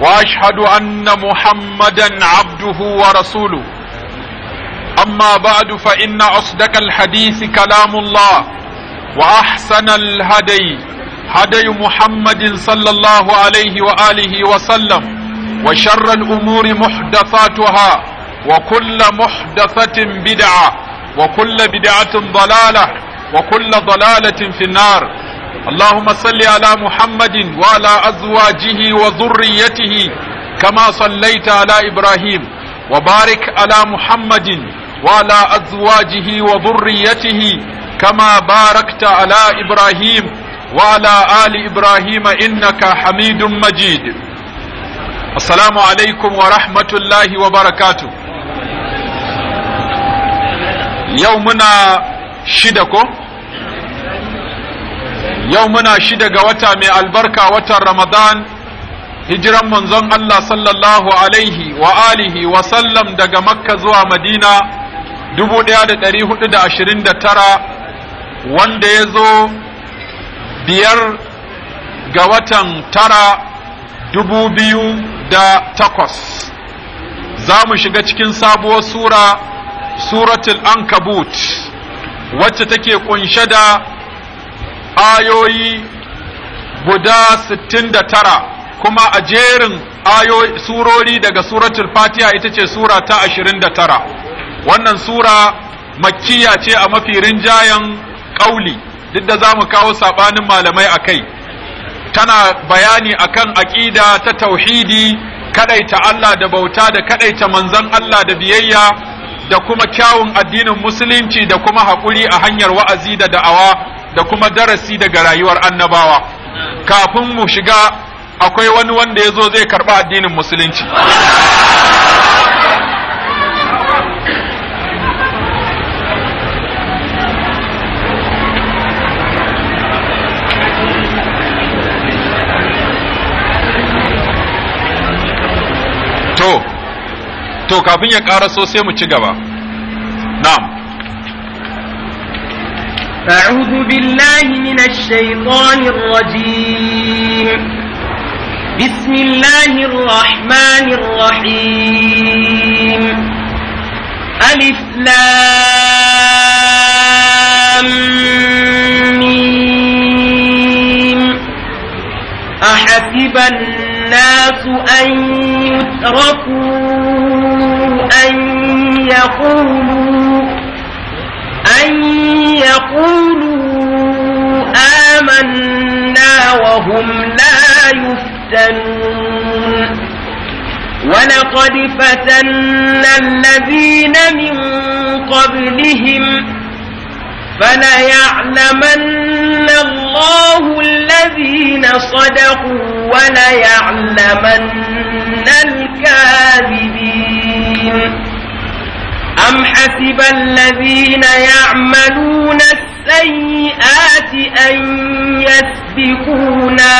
واشهد ان محمدا عبده ورسوله اما بعد فان اصدق الحديث كلام الله واحسن الهدي هدي محمد صلى الله عليه واله وسلم وشر الامور محدثاتها وكل محدثه بدعه وكل بدعه ضلاله وكل ضلاله في النار اللهم صل على محمد وعلى أزواجه وذريته كما صليت على إبراهيم وبارك على محمد وعلى أزواجه وذريته كما باركت على إبراهيم وعلى آل إبراهيم إنك حميد مجيد السلام عليكم ورحمة الله وبركاته يومنا شدكم yau muna shida ga wata mai albarka watan Ramadan hijiran manzon Allah sallallahu alaihi wa alihi wa sallam daga Makka zuwa Madina 1429 wanda ya zo biyar ga watan tara dubu biyu da takwas za mu shiga cikin sabuwar sura suratul ankabut wacce take kunshe da ayoyi guda 69 kuma a jerin ayoyi surori daga suratul fatiha ita ce sura ta 29 wannan sura makkiya ce a mafi rinjayen ƙauli duk da za mu kawo saɓanin malamai a kai tana bayani akan aƙida ta tauhidi kadaita Allah da bauta da kadaita manzon Allah da biyayya da kuma kyawun addinin musulunci da kuma haƙuri a hanyar wa'azi da da'awa da kuma darasi daga rayuwar annabawa kafin mu shiga akwai wani wanda ya zo zai karɓa addinin musulunci to kafin ya ƙaraso sai mu ci gaba na'am أعوذ بالله من الشيطان الرجيم بسم الله الرحمن الرحيم ألف لام ميم أحسب الناس أن يتركوا أن يقولوا يقولوا آمنا وهم لا يفتنون ولقد فتنا الذين من قبلهم فليعلمن الله الذين صدقوا وليعلمن الكاذبين أم ya الذين يعملون السيئات أن يسبقونا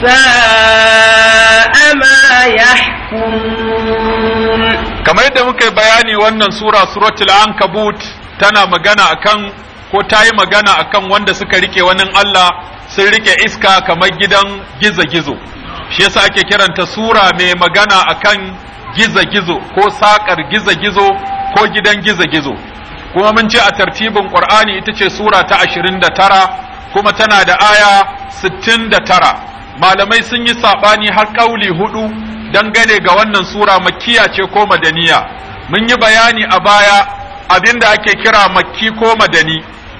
ساء ما يحكمون كما يدى مكي بياني وانا سورة سورة العنكبوت تنا مغانا أكان ko ta yi magana a kan wanda suka rike wani Allah sun riƙe iska kamar gidan gizo-gizo shi yasa ake kiranta sura mai magana a gizo-gizo ko saƙar gizo-gizo ko gidan gizo-gizo kuma mun ce a tartibin ƙur'ani ita ce sura ta ashirin da tara kuma tana da aya sittin da tara malamai sun yi saɓani har ƙauli hudu dangane ga wannan sura makiya ce ko madaniya mun yi bayani a baya abinda ake kira makki ko madani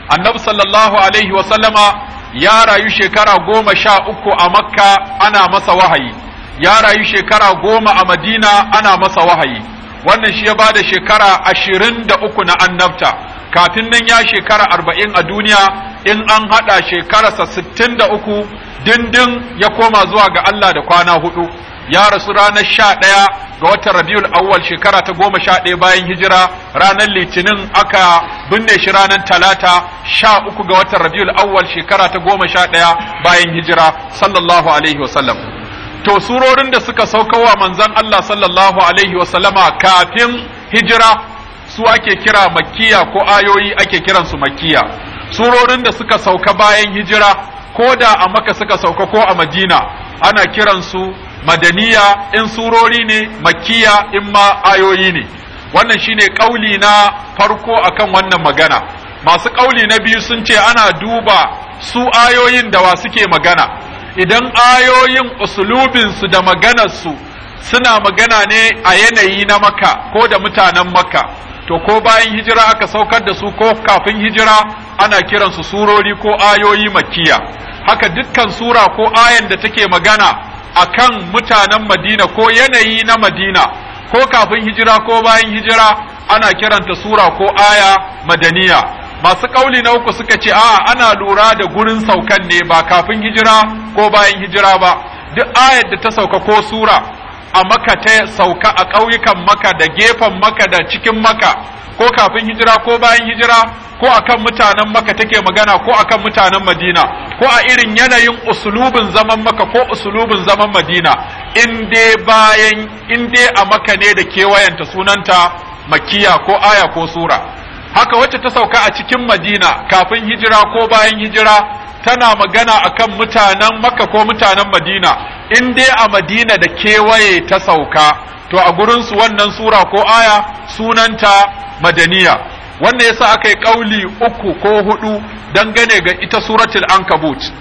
annabi sallallahu alaihi wasallama ya rayu shekara goma sha uku a makka ana masa wahayi ya rayu shekara goma a madina ana masa wahayi wannan shi ya ba da shekara ashirin da uku na annabta kafin nan ya shekara arba'in a duniya in an haɗa shekararsa sittin da uku dindin ya koma zuwa ga Allah da kwana hudu ya rasu ranar sha ɗaya ga watan rabiul awwal shekara ta goma sha ɗaya bayan hijira ranar litinin aka binne shi ranar talata sha uku ga watan rabiul awwal shekara ta goma sha ɗaya bayan hijira sallallahu alaihi wasallam to surorin da suka sauka wa manzan Allah sallallahu alaihi wasallama kafin hijira su ake kira makkiya ko ayoyi ake kiransu makkiya surorin da suka sauka bayan hijira ko da a maka suka sauka ko a madina ana kiransu madaniya in surori ne makkiya in ma ayoyi ne wannan shine ƙauli na farko akan wannan magana masu ƙauli na biyu sun ce ana duba su ayoyin da wa suke magana idan ayoyin usulubinsu da maganarsu suna magana ne a yanayi na maka ko da mutanen maka to ko bayan hijira aka saukar da su ko kafin hijira ana kiransu surori ko ayoyi makiya haka dukkan sura ko ayan da take magana akan mutanen madina ko yanayi na madina ko kafin hijira ko bayan hijira ana kiranta sura ko aya madaniya masu kauli na uku suka ce a'a ana lura da gurin saukan ne ba kafin hijira ko bayan hijira ba duk ayar da ta sauka ko sura a maka ta sauka a ƙauyukan maka da gefen maka da cikin maka ko kafin hijira ko bayan hijira ko akan mutanen maka take magana ko akan mutanen madina ko a irin yanayin usulubin zaman maka ko usulubin zaman madina in dai bayan in dai a maka ne da kewayenta sunanta makiya ko aya ko sura haka wacce ta sauka a cikin madina kafin hijira ko bayan hijira tana magana akan mutanen makka ko mutanen madina in dai a madina da kewaye ta sauka to a gurinsu wannan sura ko aya sunanta madaniya wannan yasa aka yi kauli uku ko hudu dangane ga ita suratul ankabut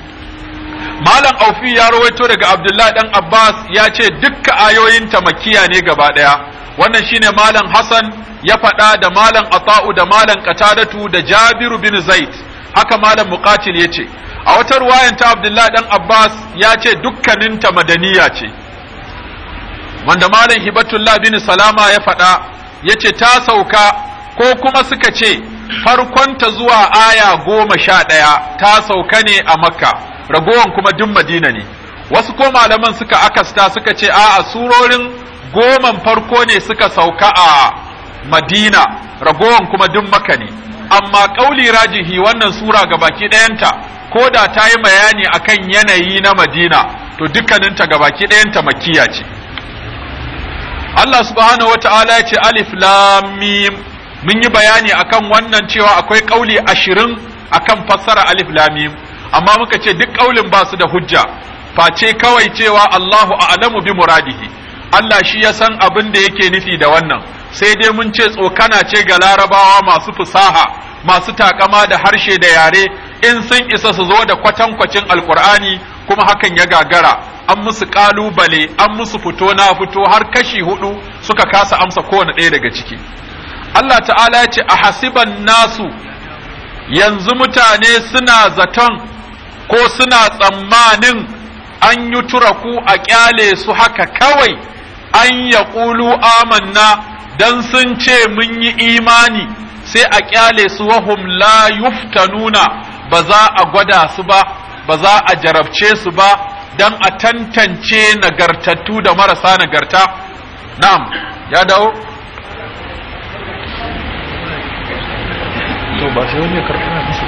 malam aufi ya rawaito daga abdullahi dan abbas ya ce dukka ayoyinta makiya ne gaba daya wannan shine malam hasan ya faɗa da malam ata'u da malam qatadatu da jabiru bin zaid haka malam muqatil yace a wata ruwayan ta abdullahi dan abbas ya ce dukkanin ta madaniya ce wanda malam hibatullah bin salama ya faɗa yace ta sauka ko kuma suka ce farkon ta zuwa aya goma sha ɗaya ta sauka ne a makka ragowan kuma duk madina ne wasu ko malaman suka akasta suka ce a'a surorin goman farko ne suka sauka a madina ragowan kuma duk maka ne amma ƙauli rajihi wannan sura ga baki ɗayanta ko da ta yi bayani akan yanayi na madina to dukkaninta ga baki ɗayanta makiya ce Allah subhanahu wata'ala ya ce alif lam mun yi bayani akan wannan cewa akwai ƙauli ashirin akan fassara alif lam amma muka ce duk ƙaulin ba su da hujja face kawai cewa Allahu a'lamu bi muradihi Allah shi ya san abin da yake nufi da wannan sai dai mun ce tsokana ce ga larabawa masu fusaha masu takama da harshe da yare in sun isa su zo da kwatankwacin alkur'ani kuma hakan ya gagara an musu kalubale an musu fito na fito har kashi hudu suka kasa amsa kowane ɗaya daga ciki Allah ta'ala ya ce a hasiban nasu yanzu mutane suna zaton ko suna tsammanin an yi turaku a kyale su haka kawai an ya amanna dan sun ce mun yi imani sai a kyale su wahum la yuftanuna ba za a gwada su ba ba za a jarabce su ba dan a tantance nagartattu da marasa nagarta na'am ya dawo to ba sai wani karfana musu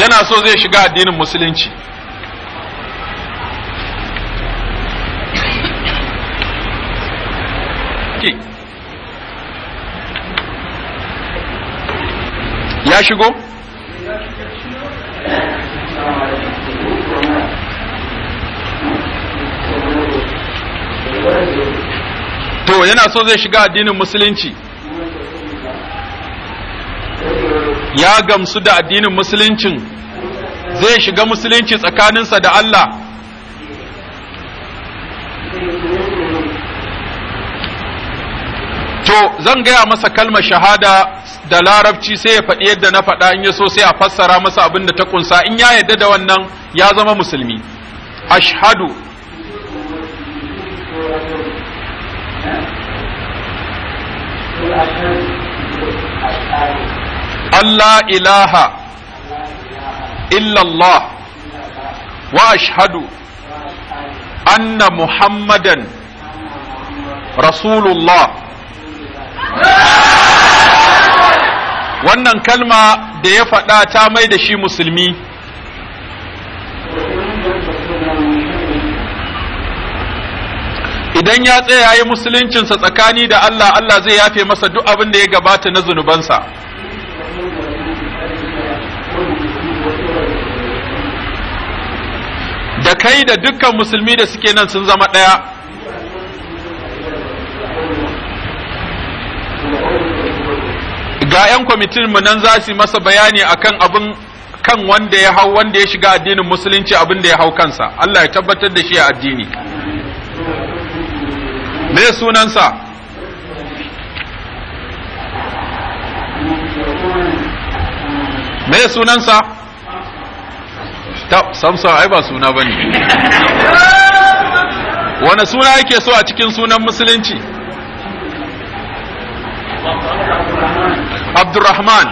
yana so zai shiga addinin musulunci tafke ya shigo to yana so zai shiga addinin musulunci ya gamsu da addinin musuluncin zai shiga musulunci tsakaninsa da Allah to zan gaya masa kalmar shahada da larabci sai ya faɗi yadda na faɗa in ya so sai a fassara masa abin da ta kunsa in ya yadda da wannan ya zama musulmi ashhadu Allah ilaha illallah wa ashhadu anna muhammadan rasulullah wannan kalma da ya faɗa ta mai da shi musulmi idan ya tsaya yi musuluncinsa tsakani da Allah Allah zai yafe masa duk abin da ya gabata na zunubansa da kai da dukkan musulmi da suke nan sun zama ɗaya ga 'yan kwamitin mu nan za su masa bayani akan abin kan wanda ya hau wanda ya shiga addinin musulunci abin da ya hau kansa Allah ya tabbatar da shi a addini me sunansa me sunansa ta samsa ai ba suna bane wani suna yake so a cikin sunan musulunci abdurrahman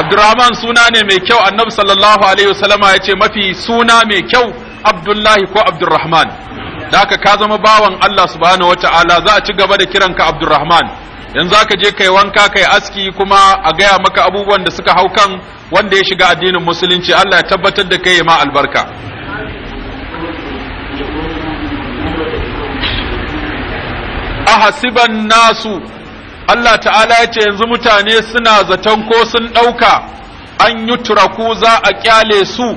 abdurrahman suna ne mai kyau annabi sallallahu alaihi wasallama ya ce mafi suna mai kyau abdullahi ko abdurrahman da aka ka zama bawan Allah subhanahu wata'ala za a ci gaba da kiranka abdurrahman yanzu za ka je kai wanka kai aski kuma a gaya maka abubuwan da suka hau kan wanda ya shiga addinin musulunci Allah ya tabbatar da kai ma albarka ahasiban nasu Allah ta'ala ya ce yanzu mutane suna zaton ko sun ɗauka an yi turaku za a ƙyale su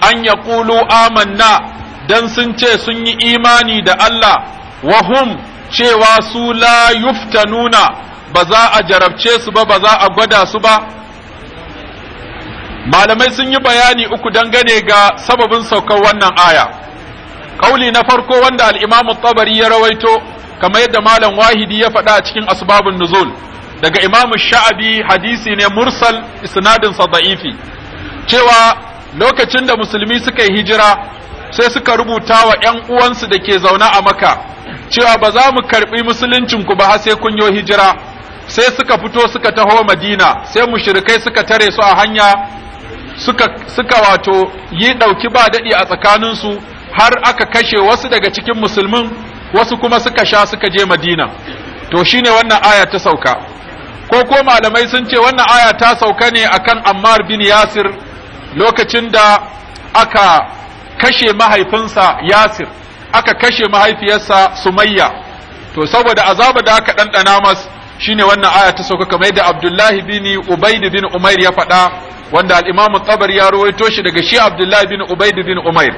an ya ƙulu amanna don sun ce sun yi imani da Allah wahum cewa su la yuftanuna ba za a jarabce su ba ba za a gwada su ba malamai sun yi bayani uku gane ga sababin saukar wannan aya ƙauli na farko wanda al'imamu tabari ya rawaito kamar yadda malam wahidi ya faɗa a cikin asbabun nuzul daga imamu sha'abi hadisi ne mursal isnadin sa da'ifi cewa lokacin da musulmi suka yi hijira sai suka rubuta wa ƴan uwansu da ke zaune a maka cewa ba za mu karɓi musuluncinku ba har sai kun yi hijira sai suka fito suka taho madina sai mushrikai suka tare su a hanya suka suka wato yi ɗauki ba daɗi a tsakaninsu har aka kashe wasu daga cikin musulmin wasu kuma suka sha suka je madina to shine wannan aya ta sauka ko ko malamai sun ce wannan aya ta sauka ne akan ammar bin yasir lokacin da aka kashe mahaifinsa yasir aka kashe mahaifiyarsa sumayya to saboda azaba da aka ɗanɗana mas shine wannan aya ta sauka kamar yadda abdullahi bin ubaid bin umair ya faɗa wanda Al'imamu imam tabari ya rawaito shi daga shi abdullahi bin ubaid bin umair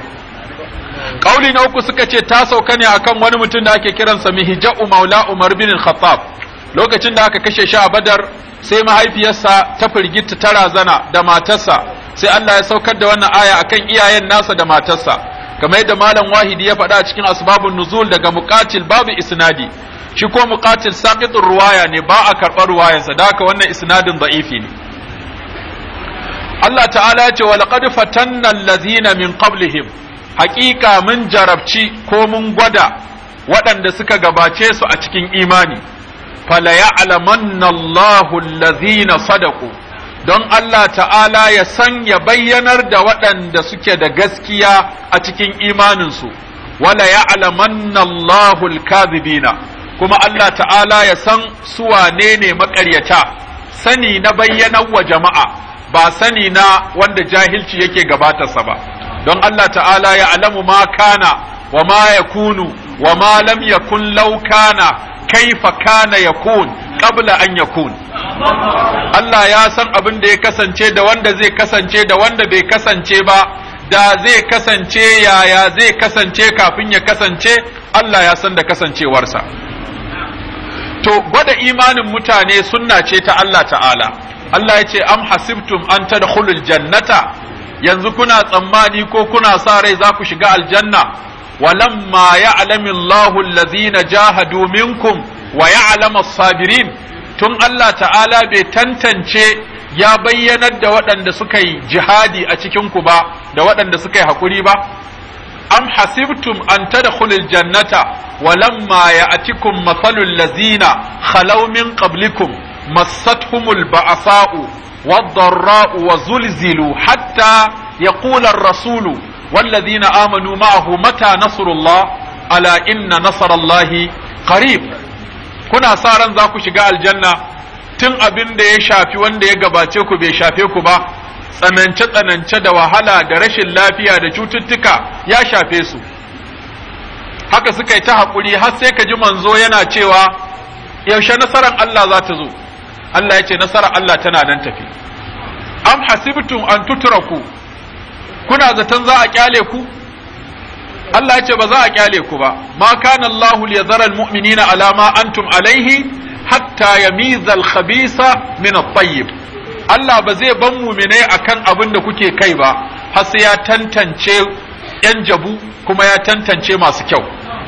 kauli na uku suka ce ta sauka ne akan wani mutum da ake kiransa mihija maula umar bin khattab lokacin da aka kashe shi a badar sai mahaifiyarsa ta firgita ta razana da matarsa sai Allah ya saukar da wannan aya akan iyayen nasa da matarsa kamar yadda malam wahidi ya faɗa a cikin asbabun nuzul daga muqatil babu isnadi shi ko muqatil saqitur ruwaya ne ba a karɓar ruwayansa da haka wannan isnadin da'ifi ne Allah ta'ala ya ce wa laqad fatanna allazina min qablihim haƙiƙa mun jarabci ko mun gwada waɗanda suka gabace su a cikin imani fala ya'lamanna Allahu allazina sadaku don Allah ta'ala ya san ya bayyanar da waɗanda suke da gaskiya a cikin imaninsu wala ya'lamanna Allahu kuma Allah ta'ala ya san su wane ne maƙaryata sani na bayyanar wa jama'a ba sani na wanda jahilci yake gabatarsa ba don Allah ta'ala ya alamu ma kana wa ma yakunu wa ma lam yakun law kana kaifa kana yakun qabla an yakun Allah ya san abin da ya kasance da wanda zai kasance da wanda bai kasance ba da zai kasance yaya zai kasance kafin ya kasance Allah ya san da kasancewarsa to gwada imanin mutane sunna ce ta Allah ta'ala Allah ya ce am hasibtum an tadkhulul jannata yanzu kuna tsammani ko kuna sa rai za ku shiga aljanna walamma ya'lamu Allahu allazina jahadu minkum wa ya'lamu as-sabirin tun Allah ta'ala bai tantance ya bayyanar da waɗanda suka yi jihadi a cikin ku ba da waɗanda suka yi hakuri ba am hasibtum an tadkhulul jannata walamma ya'tikum mathalul lazina khalaw min qablikum massathumul ba'sa'u والضراء وزلزلوا حتى يقول الرسول والذين آمنوا معه متى نصر الله ألا إن نصر الله قريب kuna sa ran za ku shiga aljanna tun abin da ya shafi wanda ya gabace ku bai shafe ku ba tsanance tsanance da wahala da rashin lafiya da cututtuka ya shafe su haka suka yi ta haƙuri har sai ka ji manzo yana cewa yaushe nasarar Allah za ta zo Allah ya ce nasara Allah tana nan tafi am hasibtum an tutraku kuna zaton za a kyale ku Allah ya ce ba za a kyale ku ba ma kana Allah liyadhara almu'minina ala ma antum alaihi hatta yamiza al-khabisa min at-tayyib Allah ba zai ban mu'minai akan abin da kuke kai ba har sai ya tantance yan jabu kuma ya tantance masu kyau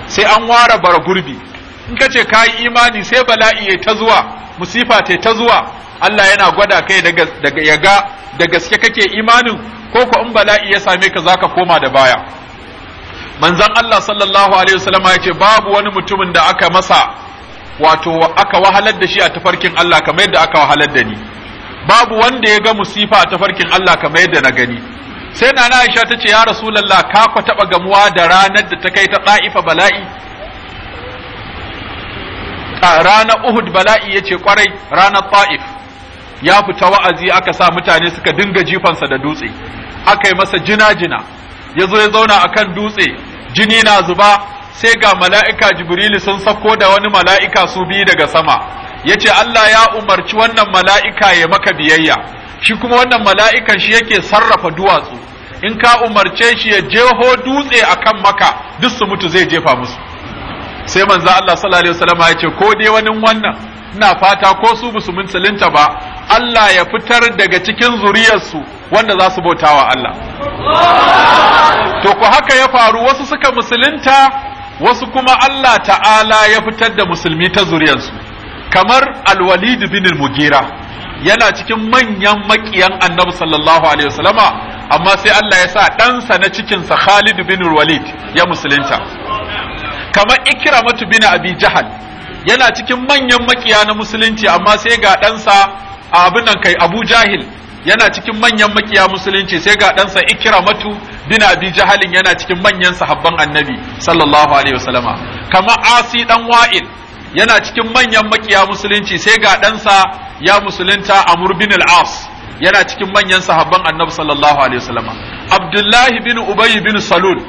sai an ware bara gurbi in ka ce ka yi imani sai bala'i ya ta zuwa musifa ta ta zuwa Allah yana gwada kai daga ya da gaske kake imanin ko ko in bala'i ya same ka zaka koma da baya manzon Allah sallallahu alaihi wasallam ya ce babu wani mutumin da aka masa wato aka wahalar da shi a tafarkin Allah kamar yadda aka wahalar da ni babu wanda ya ga musifa a tafarkin Allah kamar yadda na gani sai na Aisha ta ya Rasulullah ka ku taba gamuwa da ranar da ta kai ta ɗa'ifa bala'i ranar Uhud bala'i ya ce kwarai ranar ta'if ya fita wa'azi aka sa mutane suka dinga jifansa da dutse aka yi masa jina-jina ya zo ya zauna a kan dutse jini na zuba sai ga mala'ika jibrilu sun sako da wani mala'ika su biyu daga sama ya ce Allah ya umarci wannan mala'ika ya maka biyayya shi kuma wannan mala'ikan shi yake sarrafa duwatsu in ka umarce shi ya jeho dutse akan maka duk su mutu zai jefa musu sai manzo Allah sallallahu alaihi wasallam ya ce ko dai wani wannan ina fata ko su musu musulunta ba Allah ya fitar daga cikin zuriyarsu wanda za su bautawa Allah to ko haka ya faru wasu suka musulunta wasu kuma Allah ta'ala ya fitar da musulmi ta zuriyarsu kamar al-walid bin al-mugira yana cikin manyan makiyan annabi sallallahu alaihi wasallama amma sai Allah ya sa ɗansa na cikinsa Khalid bin Walid ya musulunta kamar ikramatu bin abi jahal yana cikin manyan makiya na musulunci amma sai ga ɗansa a abin nan kai abu jahil yana cikin manyan makiya musulunci sai ga ɗansa ikramatu bin abi jahalin yana cikin manyan sahabban annabi sallallahu alaihi wasallama kama asi dan wa'il yana cikin manyan makiya musulunci sai ga ɗansa ya musulunta amur bin al-as yana cikin manyan sahabban annabi sallallahu alaihi wasallama abdullahi bin ubay bin salul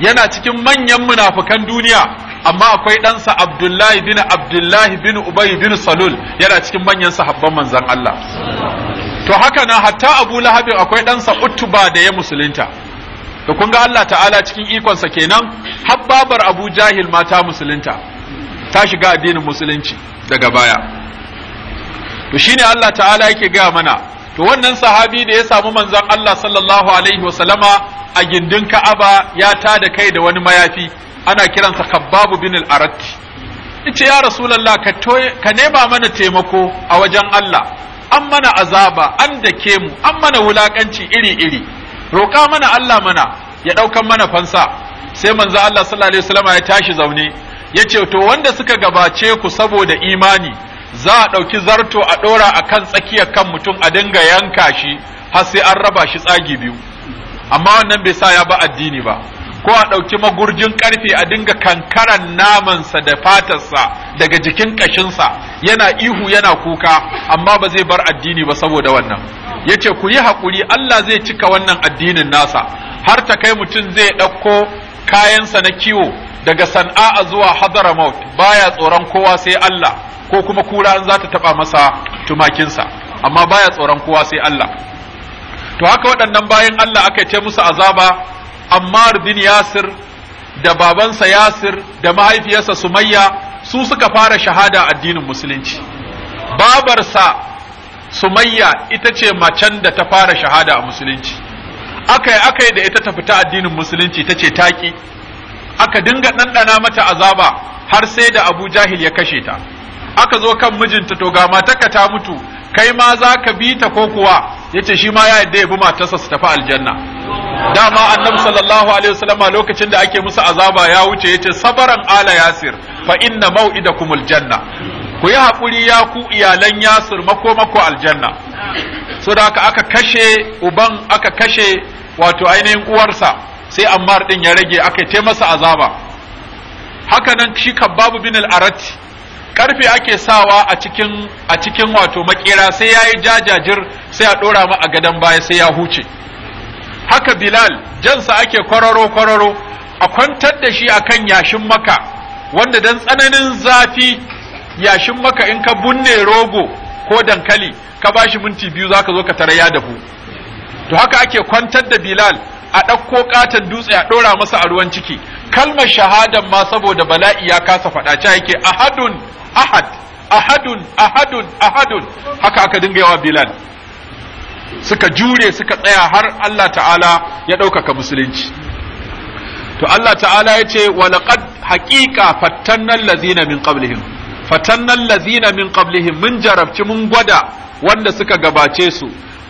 yana cikin manyan munafukan duniya amma akwai ɗansa abdullahi bin abdullahi bin ubay bin salul yana cikin manyan sahabban manzan Allah to haka na hatta abu lahabin akwai ɗansa utuba da ya musulunta to kun ga Allah ta'ala cikin ikonsa kenan habbabar abu jahil ma ta musulunta ta shiga addinin musulunci daga baya to shine Allah ta'ala yake gaya mana to wannan sahabi da ya samu manzon Allah sallallahu alaihi wasallama a gindin Ka'aba ya ta da kai da wani mayafi ana kiransa kababu bin al-Arat yace ya Rasulullah ka ka nema mana taimako a wajen Allah an mana azaba an dake mu an mana wulakanci iri-iri roƙa mana Allah mana ya ɗaukan mana fansa sai manzo Allah sallallahu alaihi wasallama ya tashi zaune yace to wanda suka gabace ku saboda imani za a ɗauki zarto a ɗora a kan tsakiyar kan mutum a dinga yanka shi har sai an raba shi tsagi biyu amma wannan bai sa ya ba addini ba ko a ɗauki magurjin ƙarfe a dinga kankaran namansa da fatarsa daga jikin ƙashinsa yana ihu yana kuka amma ba zai bar addini ba saboda wannan ya ce ku yi hakuri. Allah zai cika wannan addinin nasa har ta kai mutum zai ɗauko kayansa na kiwo daga san'a zuwa maut baya tsoron kowa sai Allah ko kuma kura an za ta taba masa tumakinsa amma baya tsoron kowa sai Allah to haka waɗannan bayan Allah aka ce musu azaba Ammar bin Yasir da babansa Yasir da mahaifiyarsa Sumayya su suka fara shahada addinin musulunci babarsa Sumayya ita ce macen da ta fara shahada a musulunci akai akai da ita ta fita addinin musulunci ta ce taki aka dinga ɗanɗana mata azaba har sai da abu jahil ya kashe ta aka zo kan mijinta to ga matarka ta mutu kai ma za ka bi ta ko kuwa yace shi ma ya yadda ya bi matarsa su tafi aljanna dama annabi sallallahu alaihi wasallama lokacin da ake musu azaba ya wuce yace sabaran ala yasir fa inna mau'idakumul janna ku yi haƙuri ya ku iyalan yasir mako mako aljanna so da aka kashe uban aka kashe wato ainihin uwarsa sai ammar din ya rage aka yi masa azaba haka nan shi kabbabu bin al-arat karfe ake sawa a cikin wato makera sai yayi jajajir sai a dora mu a gadan baya sai ya huce haka bilal jansa ake kwararo kwararo a kwantar da shi akan yashin maka wanda dan tsananin zafi yashin maka in ka bunne rogo ko dankali ka bashi minti biyu zaka zo ka tara ya ku. to haka ake kwantar da bilal a ɗauko katon dutse a ɗora masa a ruwan ciki kalmar shahadan ma saboda bala'i ya kasa faɗa ca yake ahadun ahad ahadun ahadun ahadun haka aka dinga yawa bilal suka jure suka tsaya har Allah ta'ala ya ɗaukaka musulunci to Allah ta'ala ya ce laqad haƙiƙa fattannan lazina min qablihim fatannan lazina min qablihim mun jarabci mun gwada wanda suka gabace su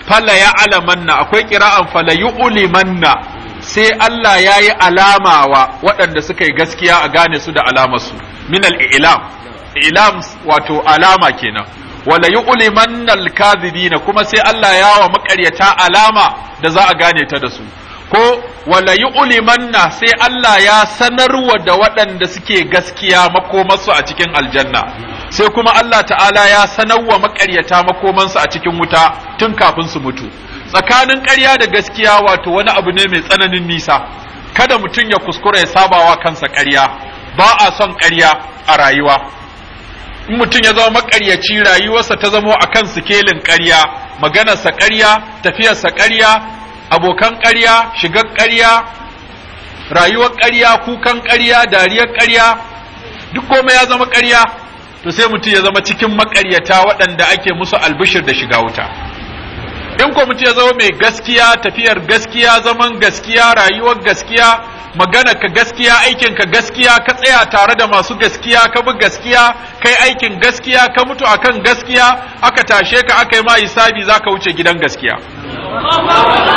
fala ya alamanna akwai kira'an fala ulimanna sai Allah ya yi alama wa waɗanda suka yi gaskiya a gane su da alamarsu min Minal ilam ilam wato alama kenan wala yu'limanna al-kadhibina kuma sai Allah ya wa makaryata alama da za a gane ta da su ko wala yi ulimanna sai Allah ya sanarwa da waɗanda suke gaskiya makomarsu a cikin aljanna sai kuma Allah ta'ala ya sanarwa makaryata makomansu a cikin wuta tun kafin su mutu tsakanin ƙarya da gaskiya wato wani abu ne mai tsananin nisa kada mutum ya kuskura ya sabawa kansa ƙarya ba a son ƙarya a rayuwa in mutum ya zama makaryaci rayuwarsa ta zamo akan sikelin ƙarya maganarsa ƙarya tafiyarsa ƙarya abokan ƙarya shigar ƙarya rayuwar ƙarya kukan ƙarya dariyar ƙarya duk komai ya zama ƙarya to sai mutum ya zama cikin makaryata waɗanda ake musu albishir da shiga wuta in ko mutum ya zama mai gaskiya tafiyar gaskiya zaman gaskiya rayuwar gaskiya magana ka gaskiya aikin ka gaskiya ka tsaya tare da masu gaskiya ka bi gaskiya kai aikin gaskiya ka mutu akan gaskiya aka tashe ka aka yi ma hisabi zaka wuce gidan gaskiya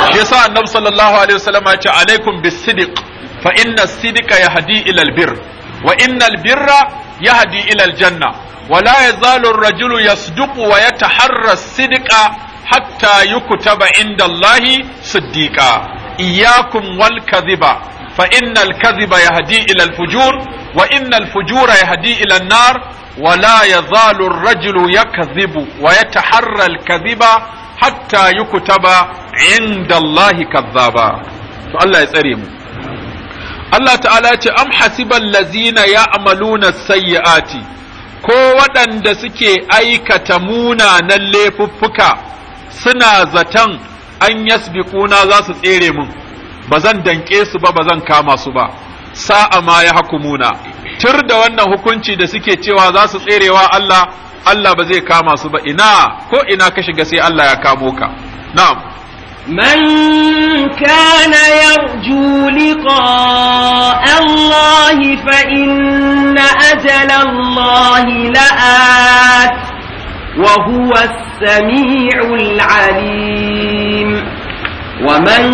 shi yasa annabi sallallahu alaihi wasallam ya ce alaikum bis sidiq fa inna sidika yahdi ila albir wa innal birra yahdi ila aljanna wala yazalu rajulu yasduqu wa yataharra as-sidqa hatta yukutaba inda Allahi siddiqa iyyakum wal kadhiba fa innal kadhiba yahdi ila al ولا يزال الرجل يكذب ويتحرى الكذب حتى يكتب عند الله كذابا فالله يسريمه Allah ta'ala ce am hasiban lazina ya'maluna sayyi'ati ko waɗanda suke aikata munanan laifuffuka suna zaton an yasbiquna za su tsere mun ba zan danke su ba ba zan kama su ba sa'a ma ya hakumuna tur da wannan hukunci da suke cewa za su tserewa Allah Allah ba zai kama su ba ina ko ina ka shiga sai Allah ya kamo ka na'am من كان يرجو لقاء الله فإن أجل الله لآت وهو السميع العليم ومن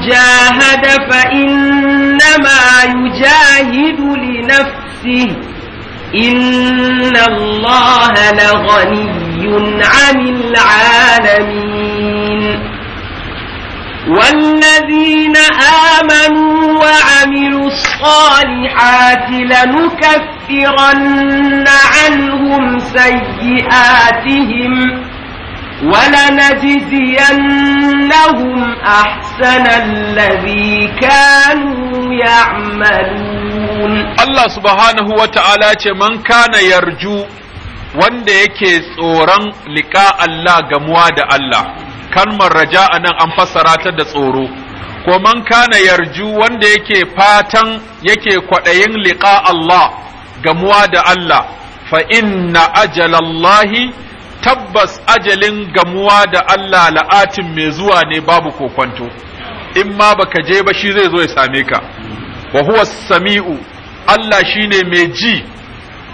جاهد فإنما يجاهد لنفسه إن الله لغني عن العالمين والذين آمنوا وعملوا الصالحات لنكفرن عنهم سيئاتهم ولنجزينهم أحسن الذي كانوا يعملون الله سبحانه وتعالى من كان يرجو wanda yake tsoron liƙa Allah gamuwa da Allah kalmar raja a nan an fassara ta da tsoro ko man kana yarju wanda yake fatan yake kwaɗayin liƙa Allah gamuwa da Allah fa inna ajalallahi tabbas ajalin gamuwa da Allah la'atin mai zuwa ne babu kokwanto in ma baka je ba shi zai zo ya same ka wa huwa sami'u Allah shine mai ji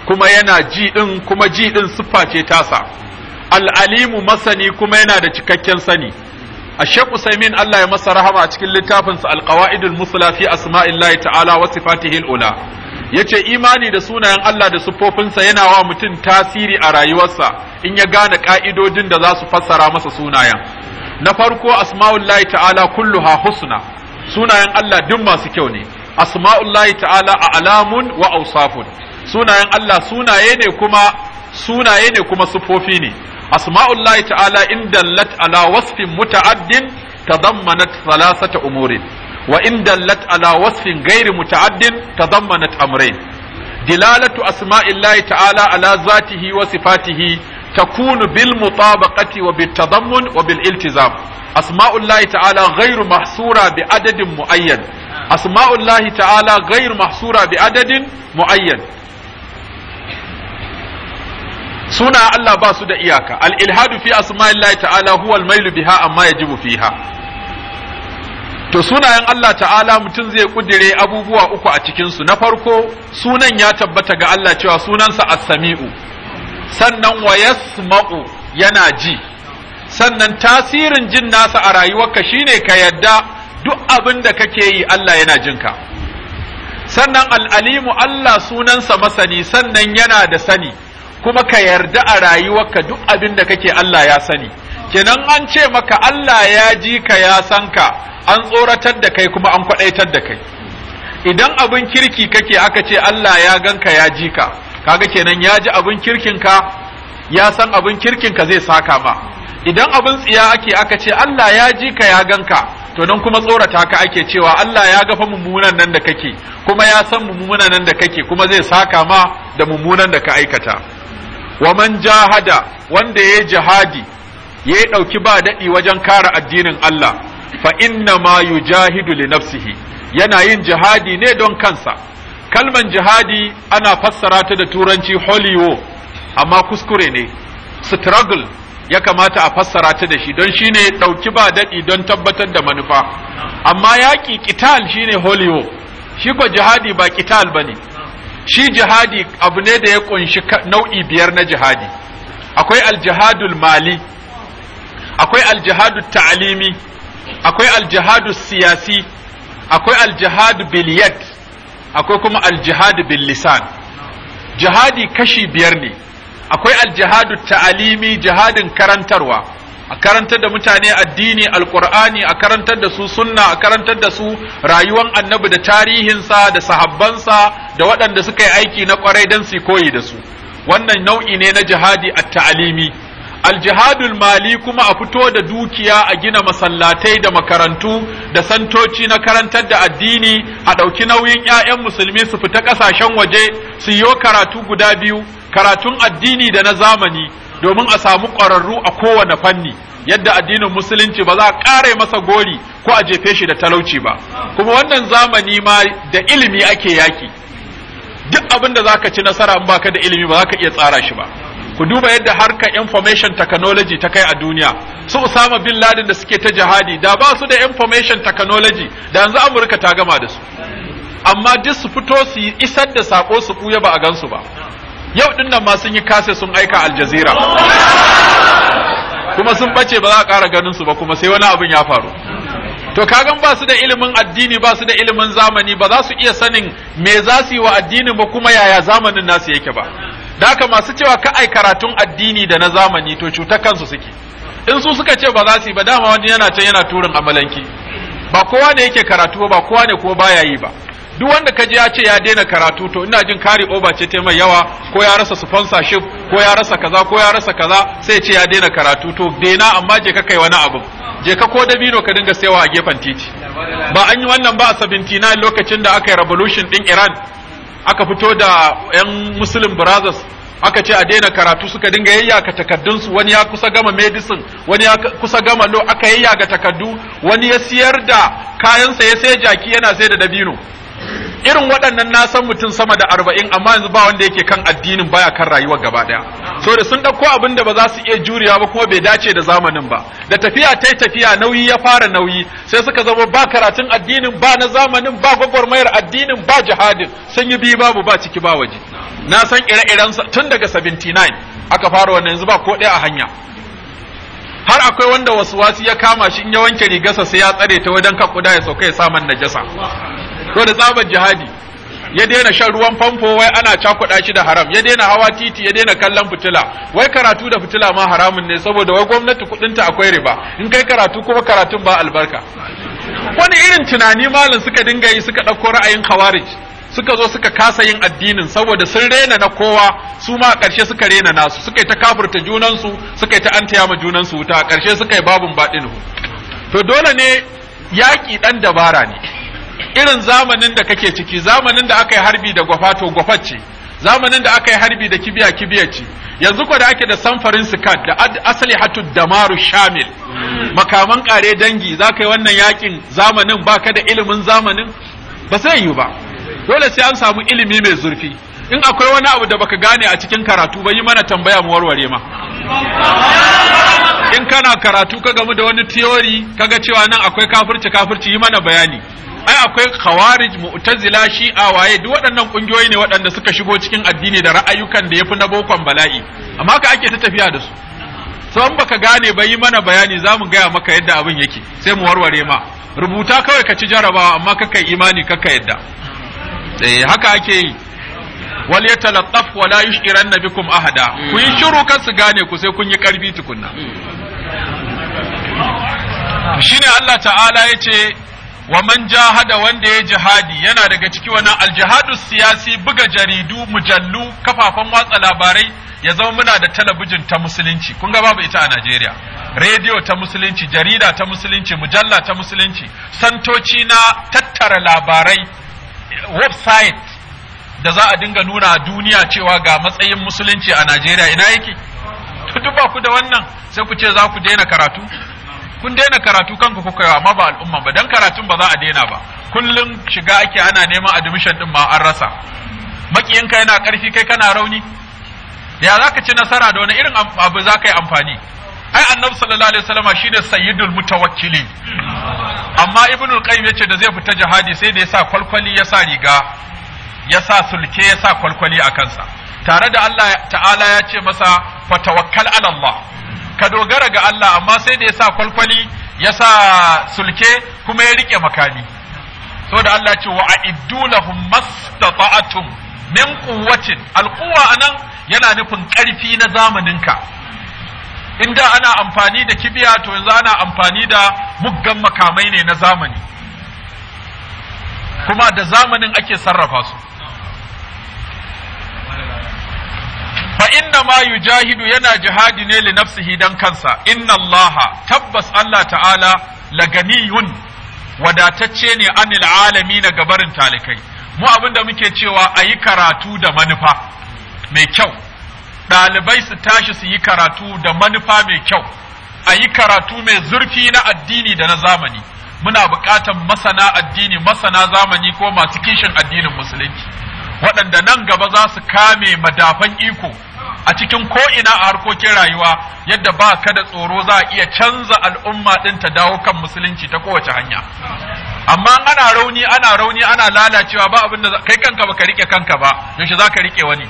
kuma yana ji din kuma ji din siffa ce tasa al'alimu masani kuma yana da cikakken sani a shek usaimin Allah ya masa rahama a cikin littafinsa alƙawa'idul musula fi asma'illahi ta'ala wa sifatihil ula yace imani da sunayen Allah da sufofinsa yana wa mutum tasiri a rayuwarsa in ya gane ka'idodin da za su fassara masa sunayen na farko asma'ullahi ta'ala kulluha husna sunayen Allah duk masu kyau ne asma'ullahi ta'ala a alamun wa ausafun sunayen Allah sunaye ne kuma sunaye ne kuma sufofi ne asma'ullahi ta'ala in dallat ala wasfin muta'addin tadammanat thalathata umurin wa in dallat ala wasfin ghairi muta'addin tadammanat amrayn dilalatu asma'illahi ta'ala ala zatihi wa sifatihi تكون بالمطابقة وبالتضمن وبالالتزام أسماء الله تعالى غير محصورة بعدد معين أسماء الله تعالى غير محصورة بعدد معين suna Allah ba su da iyaka al-ilhadu fi asma'illahi ta'ala huwal al-mailu biha amma yajibu fiha to sunayen Allah ta'ala mutum zai kudire abubuwa uku a cikin su na farko sunan ya tabbata ga Allah cewa sunansa as-sami'u sannan wa yasma'u yana ji sannan tasirin jin nasa a rayuwarka shine ka yadda duk abin da kake yi Allah yana jinka sannan al-alimu Allah sunansa masani sannan yana da sani kuma ka yarda a rayuwarka duk abin da kake Allah ya sani kenan an ce maka Allah ya ji ka ya san ka an tsoratar da kai kuma an kwadaitar da kai idan abin kirki kake aka ce Allah ya ganka ya ji ka kaga kenan ya ji abin kirkin ka ya san abin kirkin ka zai saka ma idan abin tsiya ake aka ce Allah ya ji ka ya ganka to nan kuma tsorata ka ake cewa Allah ya gafa mummunan nan da kake kuma ya san mummunan nan da kake kuma zai saka ma da mummunan da ka aikata wa man jahada wanda ya jihadi ya ɗauki ba daɗi wajen kare addinin Allah fa inna ma yujahidu li nafsihi yana yin jihadi ne don kansa kalman jihadi ana fassara ta da turanci holiwo amma kuskure ne struggle ya kamata a fassara ta da shi don shine ɗauki ba daɗi don tabbatar da manufa amma yaƙi ƙital shine holiwo shi ko jihadi ba ƙital ba ne shi jihadi abu ne da ya kunshi nau'i biyar na jihadi akwai aljihadul mali akwai aljihadu ta'alimi akwai aljihadu siyasi akwai aljihadu biliyat akwai kuma aljihadu bil lisan jihadi kashi biyar ne akwai aljihadu ta'alimi jihadin karantarwa a karantar da mutane addini alkur'ani a karantar da su sunna a karantar da su rayuwar annabi da tarihinsa da sahabbansa da waɗanda suka yi aiki na kwarai don su koyi da su wannan nau'i ne na jihadi a ta'alimi aljihadul mali kuma a fito da dukiya a gina masallatai da makarantu da santoci na karantar da addini a ɗauki nauyin 'ya'yan musulmi su fita ƙasashen waje su yi karatu guda biyu karatun addini da na zamani domin a samu ƙwararru a kowane fanni yadda addinin musulunci ba za a ƙare masa gori ko a jefe shi da talauci ba kuma wannan zamani ma da ilimi ake yaki duk abin da zaka ci nasara in baka da ilimi ba za ka iya tsara shi ba ku duba yadda harka information technology ta kai a duniya su Usama bin Laden da suke ta jihadi da ba su da information technology da yanzu Amurka ta gama da su amma duk su fito su isar da sako su kuya ba a gansu ba yau din nan ma sun yi kase sun aika aljazira kuma sun bace ba za a ƙara ganin su ba kuma sai wani abin ya faru to kagan ba su da ilimin addini ba su da ilimin zamani ba za su iya sanin me za su yi wa addinin ba kuma yaya zamanin nasu yake ba da haka masu cewa ka ai karatun addini da na zamani to cutar kansu suke in su suka ce ba za su yi ba dama wani yana can yana turin amalanki ba kowa ne yake karatu ba kowa ne ko baya yi ba duk wanda ka ji ya ce ya daina karatu to ina jin kari oba ce ta mai yawa ko ya rasa sponsorship ko ya rasa kaza ko ya rasa kaza sai ce ya daina karatu to daina amma je ka kai wani abu je ka ko dabino ka dinga sayawa a gefen titi ba an yi wannan ba a 79 lokacin da aka yi revolution din Iran aka fito da yan Muslim brothers aka ce a daina karatu suka dinga yayyaka takaddunsu wani ya kusa gama medicine wani ya kusa gama lo aka yayyaka takaddu wani ya siyar da kayansa ya sai jaki yana sai da dabino irin waɗannan na san mutum sama da arba'in amma yanzu ba wanda yake kan addinin baya kan rayuwa gaba ɗaya so da sun ɗauko abin da ba za su iya juriya ba kuma bai dace da zamanin ba da tafiya ta tafiya nauyi ya fara nauyi sai suka zama ba karatun addinin ba na zamanin ba gwagwarmayar addinin ba jihadin sun yi biyu babu ba ciki ba waje na san ire-iren tun daga 79 aka fara wannan yanzu ba ko ɗaya a hanya har akwai wanda wasu wasu ya kama shi in ya wanke rigarsa sai ya tsare ta wajen kakuda ya sauka ya saman najasa to da tsabar jihadi ya daina shan ruwan famfo wai ana cakuɗa shi da haram ya daina hawa titi ya daina kallon fitila wai karatu da fitila ma haramun ne saboda wai gwamnati kudinta akwai riba in kai karatu kuma karatun ba albarka wani irin tunani malin suka dinga yi suka ɗauko ra'ayin khawarij suka zo suka kasa yin addinin saboda sun rena na kowa su ma ƙarshe suka rena nasu suka yi ta kafurta junansu suka yi ta antaya ma junansu wuta ƙarshe suka yi babun baɗinu to dole ne yaƙi ɗan dabara ne irin zamanin da kake ciki zamanin da aka yi harbi da gwafato, to ce zamanin da aka yi harbi da kibiya kibiya ce yanzu ko da ake da samfarin sikat da asali hatu damaru shamil makaman kare dangi za ka yi wannan yakin zamanin ba ka da ilimin zamanin ba sai yi ba dole sai an samu ilimi mai zurfi in akwai wani abu da baka gane a cikin karatu ba yi mana tambaya mu warware ma in kana karatu ka gamu da wani ka ga cewa nan akwai kafirci kafirci yi mana bayani ai akwai khawarij mu'tazila a waye duk waɗannan kungiyoyi ne waɗanda suka shigo cikin addini da ra'ayukan da yafi na bokon bala'i amma ka ake ta tafiya da su san baka gane ba yi mana bayani zamu mu gaya maka yadda abin yake sai mu warware ma rubuta kawai ka ci jarabawa amma kai imani kaka yadda eh haka ake yi wal yatalattaf wa la yushiranna bikum ahada ku yi shiru kan su gane ku sai kun yi karfi tukunna shine Allah ta'ala yace wa man jahada wanda ya jihadi yana daga ciki wani aljihadu siyasi buga jaridu mujallu kafafen watsa labarai ya zama muna da talabijin ta musulunci kun ga babu ita a Najeriya rediyo ta musulunci jarida ta musulunci mujalla ta musulunci santoci na tattara labarai website da za a dinga nuna duniya cewa ga matsayin musulunci a Najeriya ina yake to duk ku da wannan sai ku ce za ku daina karatu kun daina karatu kanku kuka yawa amma ba al'umma ba dan karatun ba za a daina ba kullum shiga ake ana neman admission din ma an rasa makiyinka yana karfi kai kana rauni ya zaka ci nasara da wani irin abu zaka yi amfani ai annabi sallallahu alaihi wasallam shine sayyidul mutawakkili amma ibnu al-qayyim yace da zai fita jihadi sai da yasa kwalkwali yasa riga yasa sulke yasa kwalkwali a kansa tare da Allah ta'ala ya ce masa fatawakkal ala Allah ka dogara ga Allah amma sai da ya sa kwalkwali ya sa sulke kuma ya rike makami da Allah ce wa a'iddu lahum mastata'tum min quwwatin alquwa anan yana nufin karfi na zamaninka. ka inda ana amfani da kibiya to yanzu ana amfani da muggan makamai ne na zamani kuma da zamanin ake sarrafa su fa inna ma yujahidu yana jihadi ne li nafsihi dan kansa inna allaha tabbas allah ta'ala laganiyun wadatacce ne anil alami na gabarin talikai mu abinda muke cewa ayi karatu da manufa mai kyau dalibai su tashi su yi karatu da manufa mai kyau ayi karatu mai zurfi na addini da na zamani muna bukatan masana addini masana zamani ko masu kishin addinin musulunci waɗanda nan gaba za su kame madafan iko a cikin ko'ina a harkokin rayuwa yadda ba ka da tsoro za a iya canza al'umma ɗin ta dawo kan musulunci ta kowace hanya. Amma ana rauni, ana rauni, ana lalacewa ba abin da kai kanka ba ka riƙe kanka ba, yaushe za ka riƙe wani.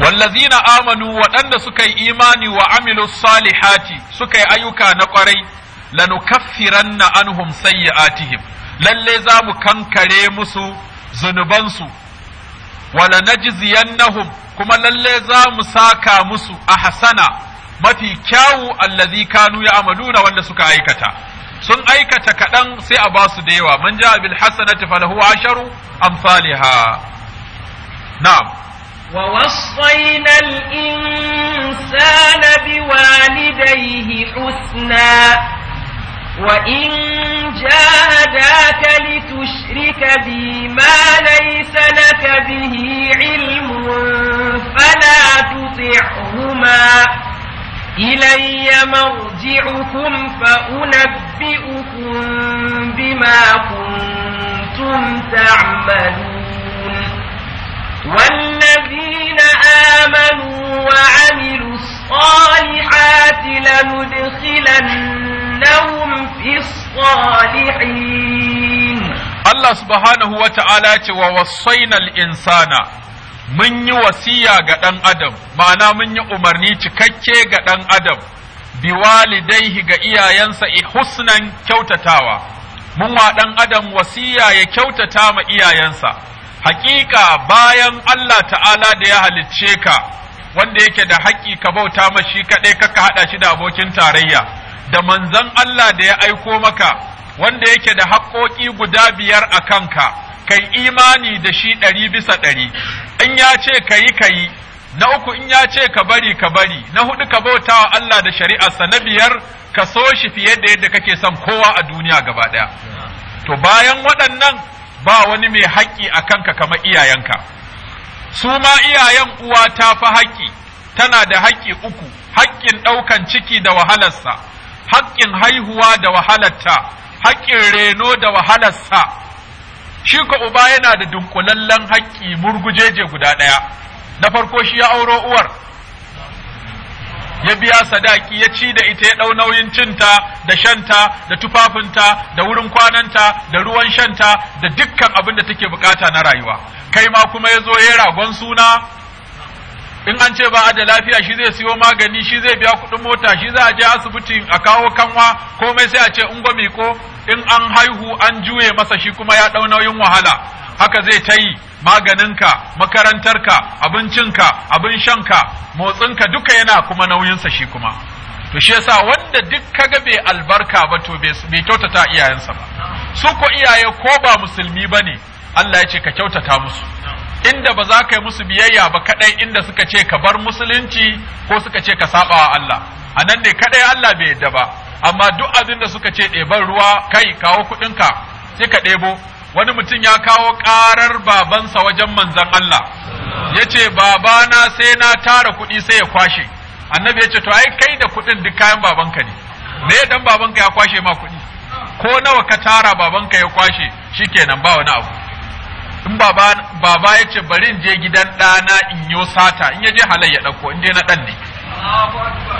Wallazina amanu waɗanda suka yi imani wa amilu salihati suka yi ayyuka na ƙwarai, lanukaffiranna anhum sayyi'atihim lalle za mu kankare musu zunubansu wala najziyannahum kuma lalle za mu saka musu a Hassana mafi kyawu allazi kanu na wanda suka aikata sun aikata kaɗan sai a ba su da yawa man ja'a bil hasanati falahu asharu amsalha na'am ووصينا الإنسان بوالديه husna. وإن جاهداك لتشرك بي ما ليس لك به علم فلا تطعهما إلي مرجعكم فأنبئكم بما كنتم تعملون والذين آمنوا وعملوا الصالحات لندخلن لهم في الصالحين الله سبحانه وتعالى ووصينا الإنسان mun yi wasiya ga ɗan adam ma'ana mun yi umarni cikakke ga ɗan adam biwalidaihi ga iyayensa husnan kyautatawa mun wa ɗan adam wasiya ya kyautata ma iyayensa hakika bayan Allah ta'ala da ya halicce ka wanda yake da haƙƙi ka bauta mashi kaɗai kaka haɗa shi da abokin tarayya da manzan Allah da ya aiko maka wanda yake da haƙoƙi guda biyar a kanka kai imani da shi ɗari bisa ɗari in ya ce ka yi ka yi na uku in ya ce ka bari ka bari na huɗu ka bauta wa Allah da shari'arsa na biyar ka so shi fiye da yadda kake son kowa a duniya gaba ɗaya to bayan waɗannan ba wani mai haƙƙi a kanka kamar iyayenka su ma iyayen uwa ta fi haƙƙi tana da haƙƙi uku haƙƙin ɗaukan ciki da wahalarsa haƙƙin haihuwa da wahalarta haƙƙin reno da wahalarsa shi ko uba yana da dunkulallen haƙƙi murgujeje guda ɗaya na farko shi ya auro uwar ya biya sadaki ya ci da ita ya ɗau nauyin cinta da shanta da tufafinta da wurin kwananta da ruwan shanta da dukkan abin da take bukata na rayuwa kai ma kuma ya zo ya ragon suna in an ce ba a da lafiya shi zai siyo magani shi zai biya kuɗin mota shi za a je asibiti a kawo kanwa komai sai a ce in gwami ko in an haihu an juye masa shi kuma ya ɗau nauyin wahala haka zai ta yi maganinka makarantarka abincinka abin shanka motsinka duka yana kuma nauyinsa shi kuma to shi yasa wanda duk ka ga bai albarka ba to bai kyautata iyayensa ba su ko iyaye ko ba musulmi bane Allah ya ce ka kyautata musu inda ba za ka yi musu biyayya ba kadai inda suka ce ka bar musulunci ko suka ce ka saba wa Allah a nan ne kadai Allah bai yadda ba amma duk abin da suka ce ɗeban ruwa kai kawo kuɗinka sai ka ɗebo wani mutum ya kawo ƙarar babansa wajen manzan Allah ya ce babana sai na tara kuɗi sai ya kwashe annabi ya ce to ai kai da kuɗin duk kayan babanka ne me dan babanka ya kwashe ma kuɗi ko nawa ka tara babanka ya kwashe shikenan ba wani abu in baba baba yace bari in je gidan ɗana in yo sata in yaje je halal ya ɗauko in dai na ɗan ne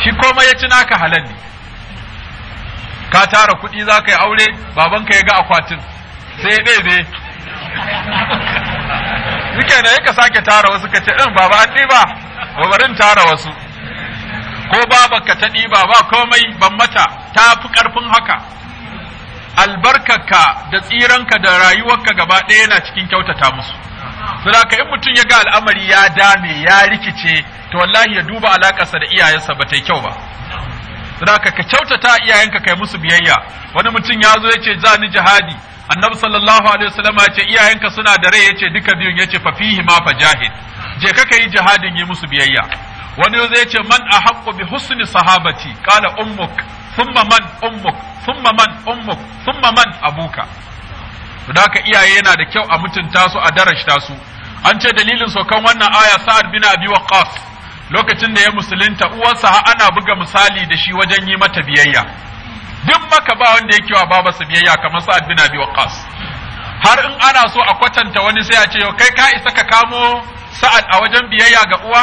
shi komai ya ci naka halal ne ka tara kuɗi za ka yi aure babanka ya ga akwatin sai ya ɗaiɗe suke da yaka sake tara wasu ka ce ɗin baba an ɗiba in tara wasu ko baba ka ta ɗiba ba komai ban mata ta fi ƙarfin haka albarkarka da tsiranka da rayuwarka gaba ɗaya yana cikin kyautata musu saboda in mutum ya ga al'amari ya dame ya rikice to wallahi ya duba alakarsa da iyayensa ba ta yi kyau ba saboda ka kyautata iyayenka kai musu biyayya wani mutum ya zo ya ce za ni jihadi annabi sallallahu alaihi wasallam ya ce iyayenka suna da rai ya ce duka biyun ya fa fihi ma fajahid je ka kai jihadin yi musu biyayya wani zai ce man ahaqqu bi husni sahabati qala ummuk thumma man ummuk thumma man ummuk thumma man abuka da haka iyaye yana da kyau a mutunta su a darashta su an ce dalilin saukan wannan aya sa'ad bin abi waqas lokacin da ya musulunta uwarsa ana buga misali da shi wajen yi mata biyayya duk maka ba wanda yake wa babarsa biyayya kamar sa'ad bin abi waqas har in ana so a kwatanta wani sai a ce kai ka isa ka kamo sa'ad a wajen biyayya ga uwa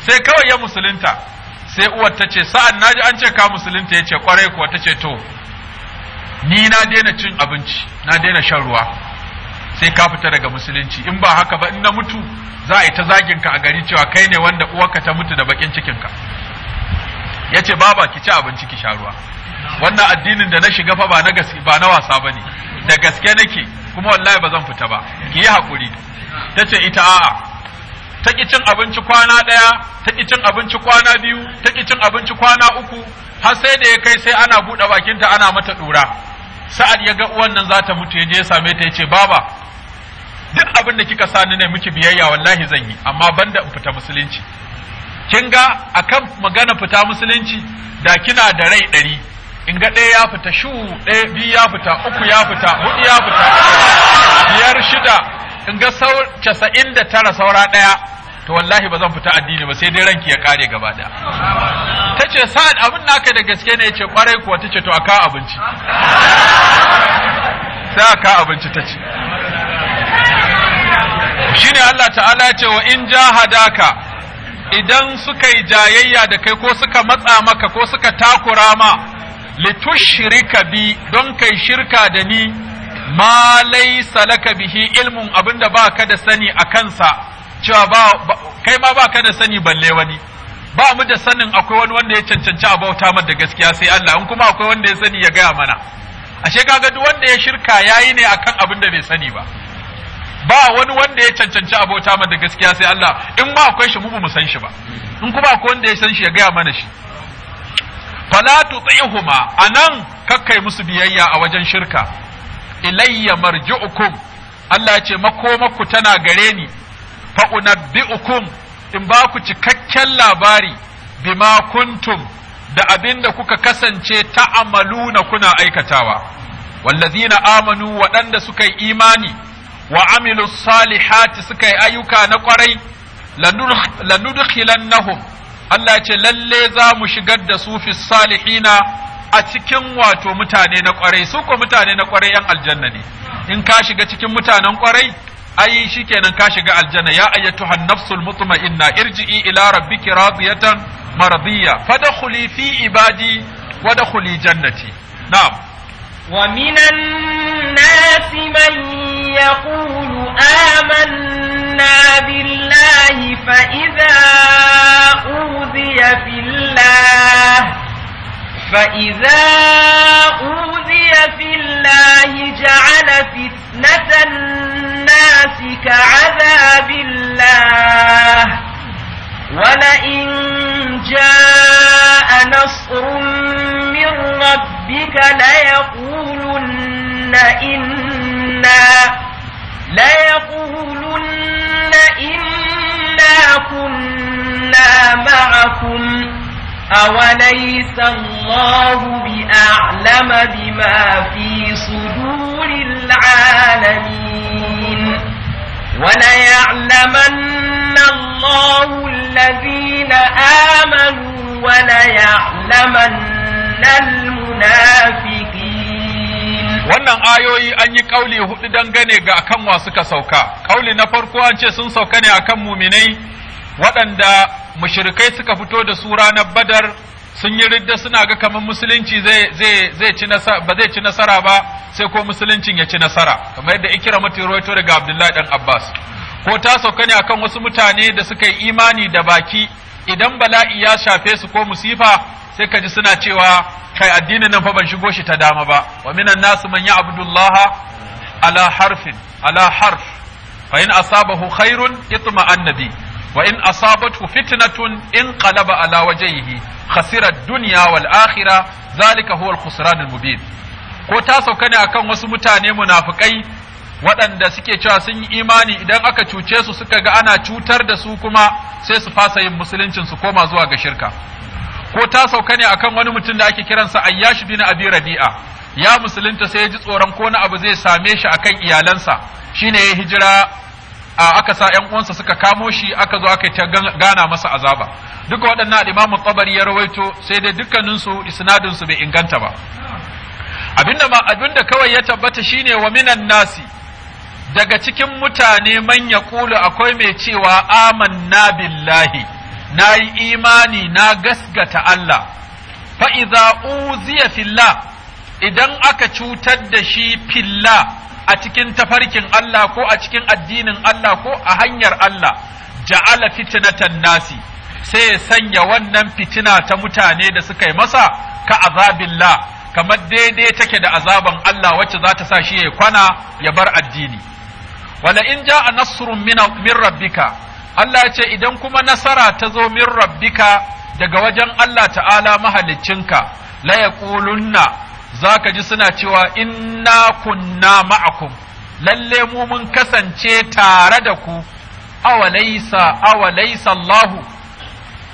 sai kawai ya musulunta sai uwar ta ce sa'an naji an ce ka musulunta yace kwarai kuwa ta ce to ni na daina cin abinci na daina shan ruwa sai ka fita daga musulunci in ba haka ba in na mutu za a yi ta zagin ka a gari cewa kai ne wanda uwarka ta mutu da bakin cikin ka yace baba ki ci abinci ki sha ruwa wannan addinin da na shiga fa ba na gaske ba na wasa bane da gaske nake kuma wallahi ba zan fita ba ki yi hakuri tace ita a'a ta ƙi cin abinci kwana ɗaya ta ƙi cin abinci kwana biyu ta ƙi cin abinci kwana uku har sai da ya kai sai ana buɗe bakinta ana mata ɗura sa'ad ya ga uwan nan za ta mutu ya je ya same ta ya ce baba duk abin da kika sani ne miki biyayya wallahi zan yi amma banda in fita musulunci kin ga akan magana fita musulunci da kina da rai ɗari in ga ɗaya ya fita shu ɗaya biyu ya fita uku ya fita huɗu ya fita biyar shida in ga casa'in da tara saura ɗaya to wallahi ba zan fita addini ba sai dai ranki ya kare gaba ɗaya ta ce sa'ad abin naka da gaske ne ce kwarai kuwa ta ce to a ka abinci sai a ka abinci ta ce Shi ne Allah ta'ala ce wa in hadaka idan suka yi jayayya da kai ko suka matsa maka ko suka takura ma litushrika bi don kai shirka da ni ma laysa laka bihi ilmun abinda baka da sani a kansa cewa ba kai ma baka da sani balle wani ba mu da sanin akwai wani wanda ya cancanci a bauta mata da gaskiya sai Allah in kuma akwai wanda ya sani ya gaya mana ashe kaga duk wanda ya shirka yayi ne akan abin da bai sani ba ba wani wanda ya cancanci a bauta mata da gaskiya sai Allah in ba akwai shi mu mu san shi ba in kuma akwai wanda ya san shi ya gaya mana shi fala tsayhuma anan kakkai musu biyayya a wajen shirka ilayya marji'ukum Allah ce makomaku tana gare ni fa unabbi'ukum in ba ku cikakken labari bima kuntum da abin da kuka kasance ta'amaluna kuna aikatawa wallazina amanu waɗanda suka yi imani wa amilu salihati suka yi ayyuka na kwarai lanudkhilannahum Allah ce lalle za mu shigar da su fi salihina a cikin wato mutane na kwarai su ko mutane na kwarai yan aljanna ne in ka shiga cikin mutanen kwarai ai shikenan ka shiga aljanna ya ayyatuhan nafsul mutma'inna irji'i ila rabbiki radiyatan faɗa fadkhuli fi ibadi kuli jannati na'am wa minan nasi man yaqulu amanna billahi fa idza udiya billa. فإذا أوذي في الله جعل فتنة الناس كعذاب الله ولئن جاء نصر من ربك ليقولن إنا ليقولن إنا كنا معكم أوليس الله بأعلم بما في صدور العالمين وليعلمن الله الذين آمنوا وليعلمن المنافقين wannan ayoyi an yi kauli hudu dangane ga akan wa suka sauka kauli na farko an ce sun sauka ne akan muminai waɗanda Mushirikai suka fito da su ranar badar sun yi ridda suna ga kamar musulunci zai ci nasara ba zai ci nasara ba sai ko musuluncin ya ci nasara kamar yadda ikira mutiroto daga abdullahi dan abbas ko ta sauka ne akan wasu mutane da suka yi imani da baki idan bala'i ya shafe su ko musifa sai ka ji suna cewa kai addinin nan fa ban shigo shi ta dama ba wa minan nasu man ya abdullaha ala harfin ala harf fa in asabahu khairun itma'anna wa in asabatu fitnatun in qalaba ala wajhihi khasira dunya wal akhirah zalika huwa al khusran al mubin ko ta sauka ne akan wasu mutane munafikai waɗanda suke cewa sun yi imani idan aka cuce su suka ga ana cutar da su kuma sai su fasa yin musuluncin su koma zuwa ga shirka ko ta sauka ne akan wani mutum da ake kiransa Ayyash bin Abi Rabi'a ya musulunta sai ya ji tsoron ko na abu zai same shi akan iyalansa shine ya hijira aka sa ‘yan uwansa suka kamo shi aka zo aka ta gana masa azaba duka waɗannan imamu tabari ya rawaito sai dai dukkaninsu isnadinsu bai inganta ba abinda ma abinda kawai ya tabbata shine wa minan nasi daga cikin mutane manya ya kulu akwai mai cewa amanna billahi na yi imani na gasgata Allah fa iza uziya fillah idan aka cutar da shi fillah a cikin tafarkin Allah ko a cikin addinin Allah ko a hanyar Allah ja'ala fitnatan nasi sai ya sanya wannan fitina ta mutane da suka yi masa ka azabillah kamar daidai take da azaban Allah wacce za ta sa shi ya kwana ya bar addini wala in a nasrun min rabbika Allah ya ce idan kuma nasara ta zo min rabbika daga wajen Allah ta'ala mahaliccinka la yaqulunna za ka ji suna cewa inna kunna ma'akum lalle mu mun kasance tare da ku awalaisa awalaisa Allahu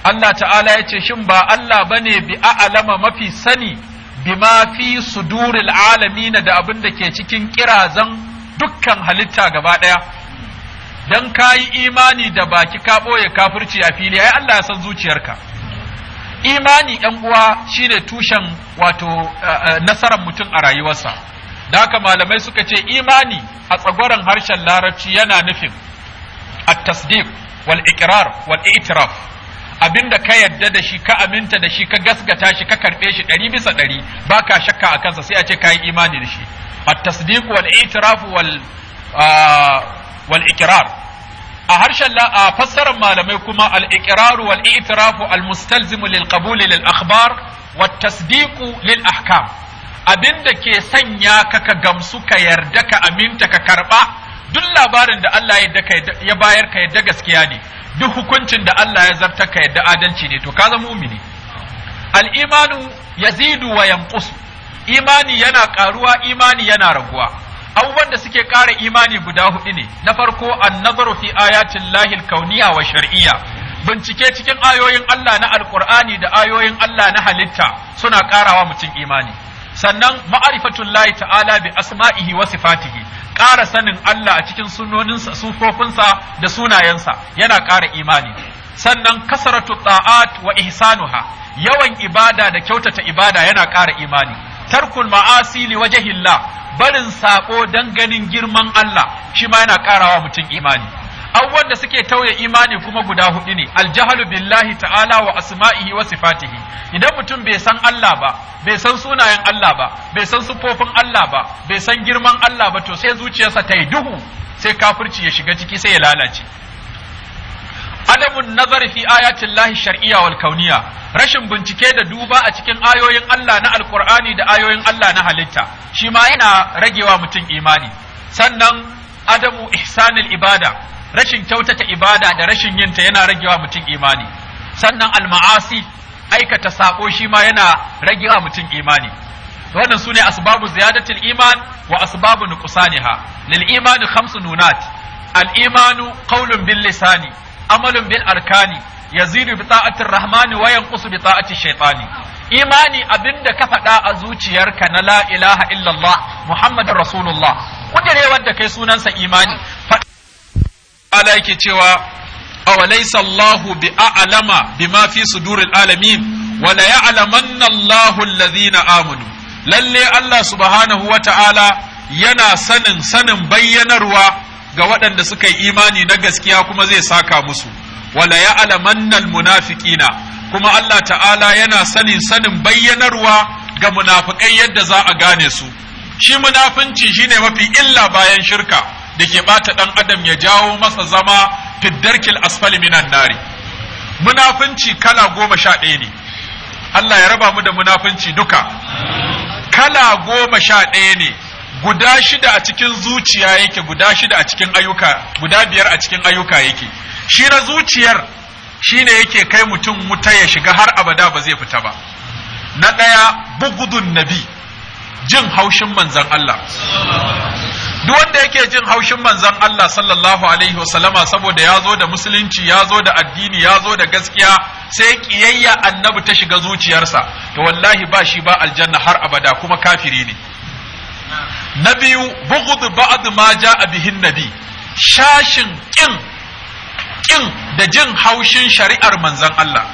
Allah ta'ala ya ce shin ba Allah bane bi a'lama mafi sani bima fi suduril alamin da abin da ke cikin kirazan dukkan halitta gaba daya dan kayi imani da baki ka boye kafirci a fili ai Allah ya san zuciyarka imani yan uwa shine tushen wato eh, eh, nasarar mutum a rayuwarsa da haka malamai suka ce imani a tsagoran harshen larabci yana nufin at-tasdiq wal iqrar wal i'tiraf abinda ka yadda da shi ka aminta da shi ka gaskata shi ka karbe shi ɗari bisa ɗari ba ka shakka a kansa sai a ce ka yi imani da shi at-tasdiq wal i'tiraf wal ah, wal iqrar a harshen a fassarar malamai kuma al-iqraru wal i'tirafu al-mustalzimu lil qabul wa akhbar lil'ahkam. Abin lil ahkam ke sanya ka ka gamsu ka yarda ka aminta ka karɓa? duk labarin da Allah ya bayar ka yarda gaskiya ne duk hukuncin da Allah ya zarta ka yarda adalci ne to ka zama mu'mini al-imanu yazidu wa yanqusu imani yana ƙaruwa, imani yana raguwa abubuwan da suke ƙara imani guda hudu ne na farko annazaru fi ayatin lahil kauniya wa shar'iyya bincike cikin ayoyin Allah na alqur'ani da ayoyin Allah na halitta suna ƙarawa mutum imani sannan ma'arifatul lahi ta'ala bi asma'ihi wa sifatihi ƙara sanin Allah a cikin sunoninsa sufofinsa da sunayensa yana ƙara imani sannan kasaratu ta'at wa ihsanuha yawan ibada da kyautata ibada yana ƙara imani tarkul ma'asi li wajhillah barin sako don ganin girman Allah shi ma yana ƙarawa mutum imani abubuwan da suke tauye imani kuma guda hudu ne aljahalu billahi ta'ala wa asma'ihi wa sifatihi idan mutum bai san Allah ba bai san sunayen Allah ba bai san sufofin Allah ba bai san girman Allah ba to sai zuciyarsa ta yi duhu sai kafirci ya shiga ciki sai ya lalace adabun na fi ayatin lahi shar'iyya wal kauniya rashin bincike da duba a cikin ayoyin Allah na alkur'ani da ayoyin Allah na halitta shi ma yana ragewa mutum imani sannan adamu ihsanil ibada rashin kyautata ibada da rashin yinta yana ragewa mutum imani sannan alma'asi aikata sako shi ma yana ragewa mutum imani wannan sune asbabu ziyadatil iman wa asbabu nuqsaniha lil imani khamsununat nunat al imanu qawlun bil lisani amalun bil arkani yazidu bi rahmani wa yanqusu bi imani abinda ka faɗa a zuciyarka na la illallah muhammadur rasulullah kudire wanda kai sunansa imani Allah cewa awalaysa Allahu bi a'lama bima fi suduril amanu lalle Allah subhanahu yana sanin sanin bayyanarwa ga waɗanda suka yi imani na gaskiya kuma zai saka musu wala alamannan munafiqina kuma Allah ta'ala yana sanin sanin bayyanarwa ga munafikai yadda za a gane su shi munafinci shine mafi illa bayan shirka da ke bata dan adam ya jawo masa zama fiddarkil asfali minan nari munafinci kala goma sha ɗaya ne Allah ya raba mu da munafinci duka kala goma sha ɗaya ne guda shida a cikin zuciya yake guda shida a cikin ayyuka guda biyar a cikin ayyuka yake shi na zuciyar shi ne yake kai mutum wuta ya shiga har abada ba zai fita ba na ɗaya bugudun nabi jin haushin manzan Allah duk wanda yake jin haushin manzan Allah sallallahu alaihi wasallama saboda ya zo da musulunci ya zo da addini ya zo da gaskiya sai ƙiyayya annabi ta shiga zuciyarsa to wallahi ba shi ba aljanna har abada kuma kafiri ne na biyu bughd ba'd ma ja'a bihin nabi shashin kin kin da jin haushin shari'ar manzon Allah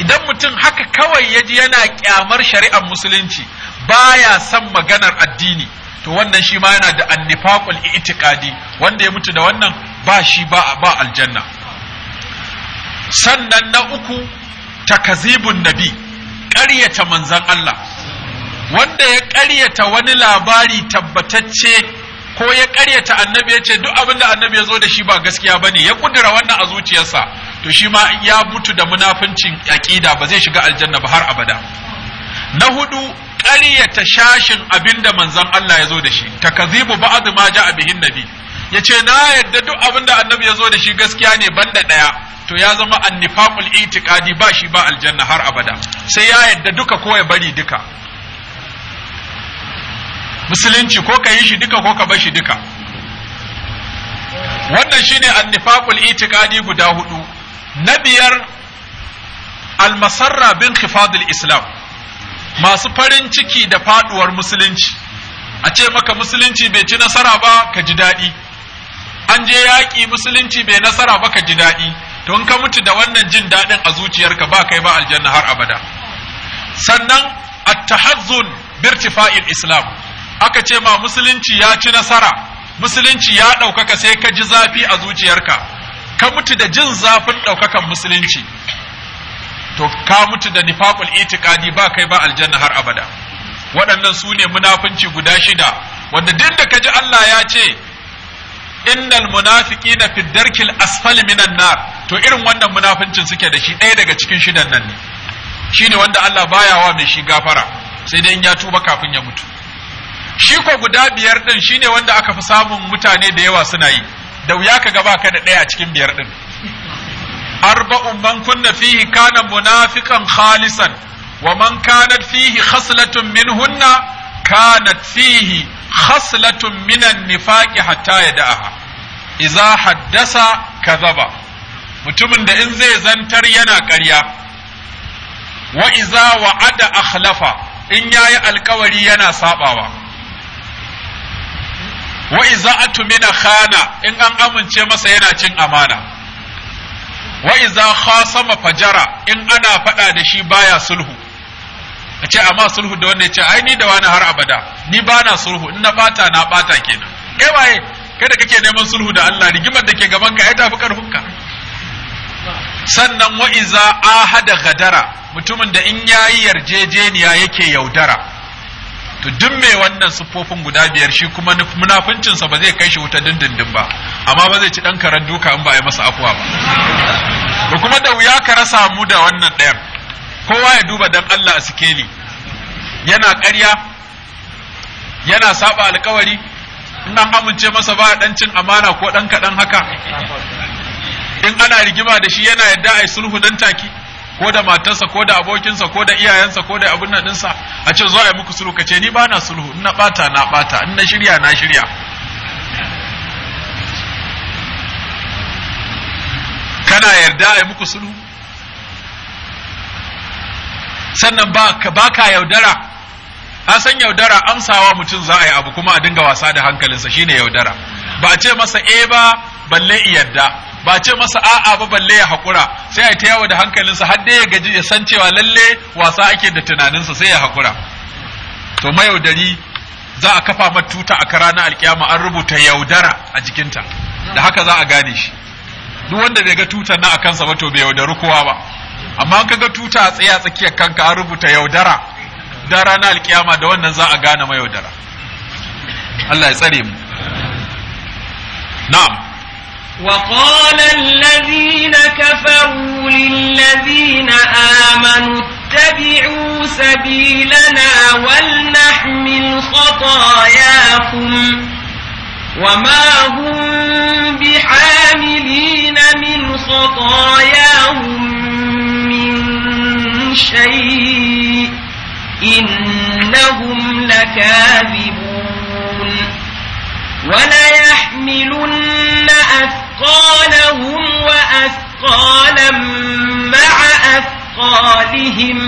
idan mutum haka kawai ya yana kyamar shari'ar musulunci baya son maganar addini to wannan shi ma yana da annifaqul i'tiqadi wanda ya mutu da wannan ba shi ba ba aljanna sannan na uku takazibun nabi ƙaryata manzon Allah wanda ya ƙaryata wani labari tabbatacce ko ya ƙaryata annabi ya ce duk abin da annabi ya zo da shi ba gaskiya bane ya kudura wannan a zuciyarsa to shi ma ya mutu da munafincin aƙida ba zai shiga aljanna ba har abada na hudu ƙaryata shashin abin da manzon Allah ya zo da shi takazibu ba'd ma ja'a bihin nabi ya ce na yadda duk abin da annabi ya zo da shi gaskiya ne banda ɗaya to ya zama annifaqul itiqadi ba shi ba aljanna har abada sai ya yadda duka ko ya bari duka musulunci ko ka yi shi duka ko ka bar shi duka wannan shine annifaqul itiqadi guda hudu na biyar almasarra bin khifadul islam masu farin ciki da faduwar musulunci a ce maka musulunci bai ci nasara ba ka ji daɗi an je yaƙi musulunci bai nasara ba ka ji daɗi to in ka mutu da wannan jin daɗin a zuciyarka ba kai ba aljanna har abada sannan at-tahazzun birtifa'il islam aka ce ma musulunci ya ci nasara musulunci ya ɗaukaka sai ka ji zafi a zuciyarka ka mutu da jin zafin ɗaukakan musulunci to ka mutu da nifaqul itikadi ba kai ba aljanna har abada waɗannan su ne munafunci guda shida wanda duk da ka ji Allah ya ce innal munafiqina fi darkil asfali minan nar to irin wannan munafincin suke da shi ɗaya daga cikin shidan nan ne shine wanda Allah baya wa mai shi gafara sai dai in ya tuba kafin ya mutu shi ko guda biyar din shine wanda aka fi samun mutane da yawa suna yi da wuya ka gaba ka da ɗaya cikin biyar din arba'un man kunna fihi kana munafiqan khalisan wa man kanat fihi khaslatun minhunna kanat fihi khaslatun minan nifaqi hatta yada'aha idza haddasa kadhaba mutumin da in zai zantar yana ƙarya wa iza wa'ada akhlafa in yayi alkawari yana sabawa wa iza atumina khana in an amince masa yana cin amana wa iza khasama fajara in ana fada da shi baya sulhu a ce amma sulhu da wanda ya ce ai ni da wani har abada ni ba na sulhu in na bata na bata kenan kai waye kada kake neman sulhu da Allah rigimar da ke gaban ka ai tafi karfin ka sannan wa iza ahada gadara mutumin da in yayi yarjejeniya yake yaudara to duk mai wannan siffofin guda biyar shi kuma munafuncinsa ba zai kai shi wuta dindindin ba amma ba zai ci dan karan duka in ba a yi masa afuwa ba to kuma da wuya ka rasa mu da wannan ɗayan kowa ya duba dan Allah a sikeli yana ƙarya yana saba alkawari in an amince masa ba dan cin amana ko dan kaɗan haka in ana rigima da shi yana yadda a yi sulhu dan take ko da matarsa ko da abokinsa ko da iyayensa ko da abin nan dinsa a ce zo a yi muku sulhu kace ni ba na sulhu in na bata na bata in na shirya na shirya kana yarda a yi muku sulhu sannan ba ka yaudara a san yaudara amsawa mutum za a yi abu kuma a dinga wasa da hankalinsa shine yaudara ba a ce masa e ba balle yarda ba ce masa a'a ba balle ya hakura sai a ta yawo da hankalinsa har dai ya gaji ya san cewa lalle wasa ake da tunaninsa sai ya hakura to mayaudari za a kafa mata tuta a karana alkiyama an rubuta yaudara a jikinta da haka za a gane shi duk wanda bai ga tutar na a kansa ba to bai yaudari kowa ba amma an kaga tuta a tsaye a tsakiyar kanka an rubuta yaudara da rana alkiyama da wannan za a gane mayaudara Allah ya tsare mu na'am وقال الذين كفروا للذين آمنوا اتبعوا سبيلنا ولنحمل خطاياكم وما هم بحاملين من خطاياهم من شيء إنهم لكاذبون وليحملن أثر أثقالهم وأثقالا مع أثقالهم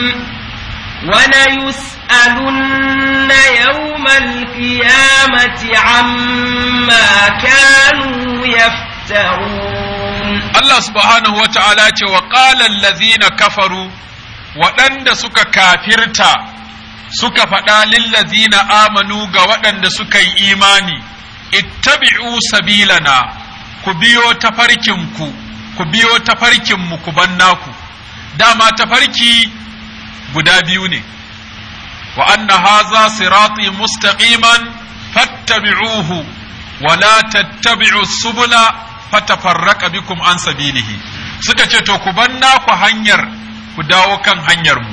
وليسألن يوم القيامة عما كانوا يفترون الله سبحانه وتعالى وقال الذين كفروا waɗanda suka kafirta suka faɗa lillazina amanu ga waɗanda suka yi imani ittabi'u sabilana ku biyo tafarkinku ku biyo tafarkinmu ku bannaku. dama tafarki guda biyu ne wa anna haza sirati mustaqiman fattabi'uhu wa la tattabi'u subula fatafarraqa bikum an sabilihi suka ce to ku banna ku hanyar ku dawo kan hanyar mu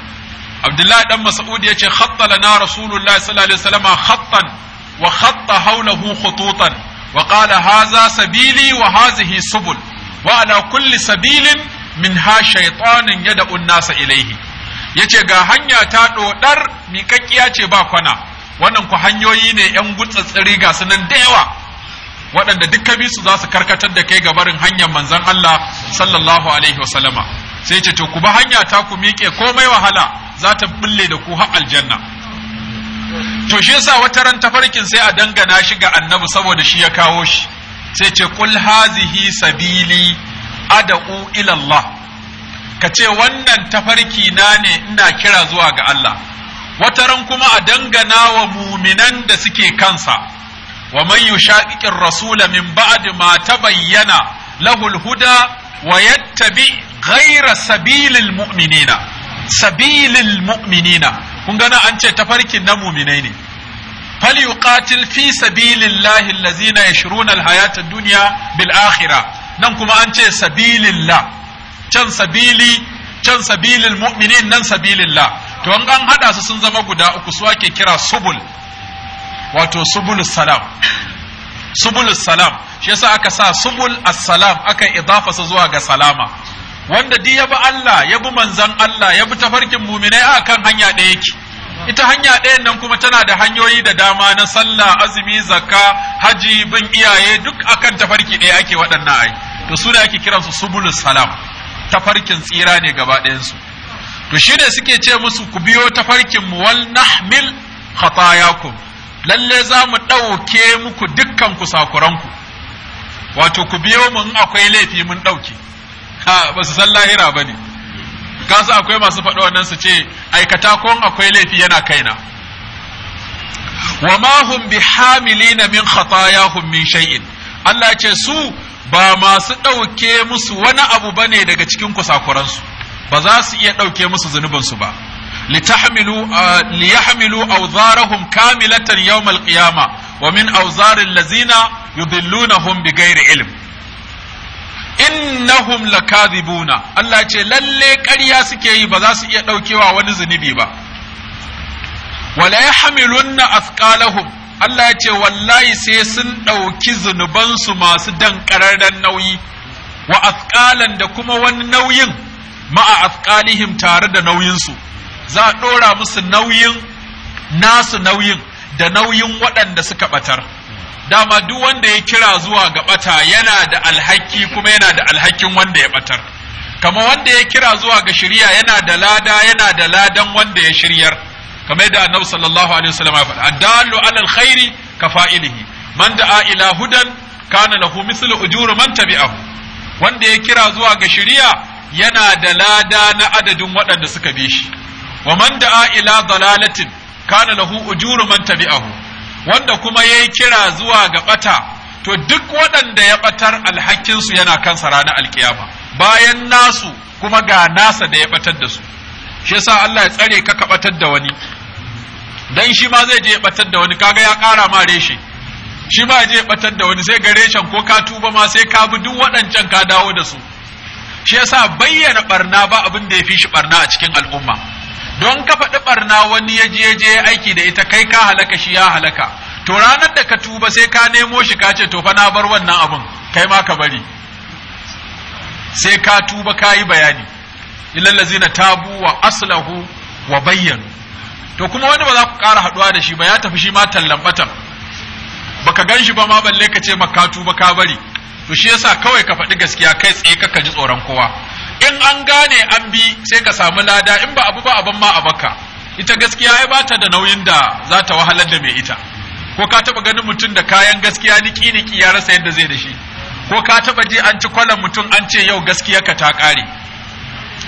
abdullahi dan mas'ud yace khatta lana rasulullahi sallallahu alaihi wasallam khattan wa khatta hawlahu khututan wa qala haza sabili wa hazihi subul wa ala kulli sabilin min ha shaytanin yada unnasa nasa yace ga hanya ta dodar miƙaƙƙiya ce ba kwana wannan ku hanyoyi ne yan gutsatsiri ga sunan da yawa waɗanda duk ka su za su karkatar da kai ga barin hanyar manzon Allah sallallahu alaihi wasallama sai ce to ku ba hanya ta ku miƙe komai wahala za ta bulle da ku har aljanna to shi yasa wata ran tafarkin sai a dangana shi ga annabi saboda shi ya kawo shi sai ce kul hazihi sabili ad'u ila Allah ka ce wannan tafarki na ne ina kira zuwa ga Allah wata ran kuma a dangana wa muminan da suke kansa wa man yushaqiqir rasula min ba'di ma tabayyana lahu al-huda wa yattabi ghayra sabilil mu'minina sabilil mu'minina kun gana an ce tafarkin na muminai ne fal fi sabilillahi allazina yashruna alhayata ad-dunya bil akhirah nan kuma an ce sabilillah can sabili can sabilil mu'minin nan sabilillah to an an hada su sun zama guda uku su ake kira subul wato subulus salam subulus salam shi yasa aka sa subul as-salam aka idafa su zuwa ga salama wanda di ya bi Allah ya bi manzan Allah ya bi tafarkin muminai a kan hanya ɗaya yake ita hanya ɗayan nan kuma tana da hanyoyi da dama na sallah azumi zakka haji bin iyaye duk akan tafarki ɗaya ake waɗannan ai to su da ake su subulus salam tafarkin tsira ne gaba ɗayansu to shi ne suke ce musu ku biyo tafarkin mu wal nahmil khatayakum lalle za mu ɗauke muku dukkan sakuranku? wato ku biyo mu in akwai laifi mun ɗauke ba su san lahira ba ne kasa akwai masu faɗi wannan su ce aikata kon akwai laifi yana kaina wa ma hum bi hamilina min khatayahum min shay'in Allah ya ce su ba masu ɗauke musu wani abu ne daga cikin kusakuransu ba za su iya ɗauke musu zunubansu ba li ah, yahmilu awzarahum kamilatan yawm alqiyama wa min awzaril lazina yudillunahum bighairi ilm innahum lakadhibuna Allah ce lalle ƙarya suke yi ba za su iya ɗaukewa wani zunubi ba wala yahmilunna athqalahum Allah ya ce wallahi sai sun ɗauki zunubansu masu dankararren nauyi wa athqalan da kuma wani nauyin ma'a athqalihim tare da nauyinsu za a ɗora musu nauyin nasu nauyin da nauyin waɗanda suka ɓatar dama duk wanda ya kira zuwa ga bata yana da alhaki kuma yana da alhakin wanda ya batar kama wanda ya kira zuwa ga shirya yana da lada yana da ladan wanda ya shiryar kamar yadda annabi sallallahu alaihi wasallam ya faɗa adallu alal khairi ka fa'ilihi man da'a ila hudan kana lahu mislu ujuri man tabi'ahu wanda ya kira zuwa ga shirya yana da lada na adadin waɗanda suka bi shi wa man da'a ila dalalatin kana lahu ujuru man tabi'ahu wanda kuma ya yi kira zuwa ga ɓata to duk waɗanda ya ɓatar alhakinsu yana kansa ranar alkiyama bayan nasu kuma ga nasa da ya ɓatar da su shi yasa Allah ya tsare ka ka ɓatar da wani dan shi ma zai je ya ɓatar da wani kaga ya ƙara ma reshe shi ma je ya ɓatar da wani sai ga reshen ko ka tuba ma sai ka bi duk waɗancan ka dawo da su shi yasa bayyana barna ba abin da ya fi shi barna a cikin al'umma don ka faɗi barna wani ya je je aiki da ita kai ka halaka shi ya halaka to ranar da ka tuba sai ka nemo shi ka ce to fa na bar wannan abun kai ma ka bari sai ka tuba ka yi bayani illal ladzina tabu wa aslahu wa bayyan to kuma wani ba za ku ƙara haɗuwa da shi ba ya tafi shi ma tallan baka gan shi ba ma balle ka ce maka tuba ka bari to shi yasa kawai ka faɗi gaskiya kai tsaye ka ji tsoron kowa in an gane an bi sai ka samu lada in ba abu ba abin ma a baka ita gaskiya ya bata da nauyin da za ta wahalar da mai ita ko ka taba ganin mutum da kayan gaskiya niki niki ya rasa yadda zai da shi ko ka taba ji an ci kwalan mutum an ce yau ka ta kare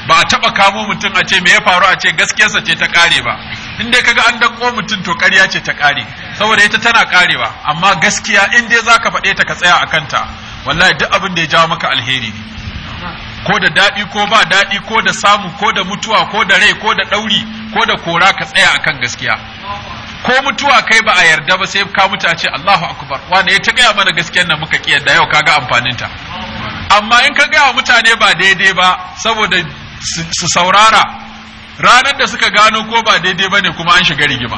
ba a taba kamo mutum a ce me ya faru a ce gaskiyarsa ce ta kare ba in dai kaga an danko mutum to ƙarya ce ta kare saboda ita tana karewa amma gaskiya in dai zaka faɗe ta ka tsaya a kanta wallahi duk abin da ya jawo maka alheri ne ko da daɗi ko ba daɗi ko da samu ko da mutuwa ko da rai ko da ɗauri ko da kora ka tsaya akan gaskiya ko mutuwa kai ba a yarda ba sai ka mutu a ce Allahu akbar wanda ya ta gaya mana gaskiyar nan muka kiyar da yau kaga amfanin ta amma in ka gaya mutane ba daidai ba saboda su saurara ranar da suka gano ko ba daidai ba ne kuma an shiga rigima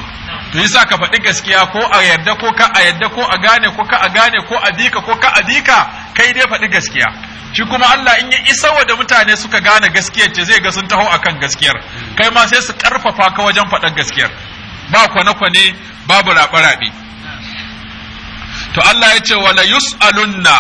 to yasa ka faɗi gaskiya ko a yarda ko ka a yarda ko a gane ko ka a gane ko a bika ko ka a bika kai dai faɗi gaskiya shi kuma Allah in ya isa wa da mutane suka gane gaskiyar ce zai ga sun taho akan gaskiyar kai ma sai su karfafa ka wajen faɗan gaskiyar ba kwane-kwane babu raɓe-raɓe to Allah ya ce wala yus'alunna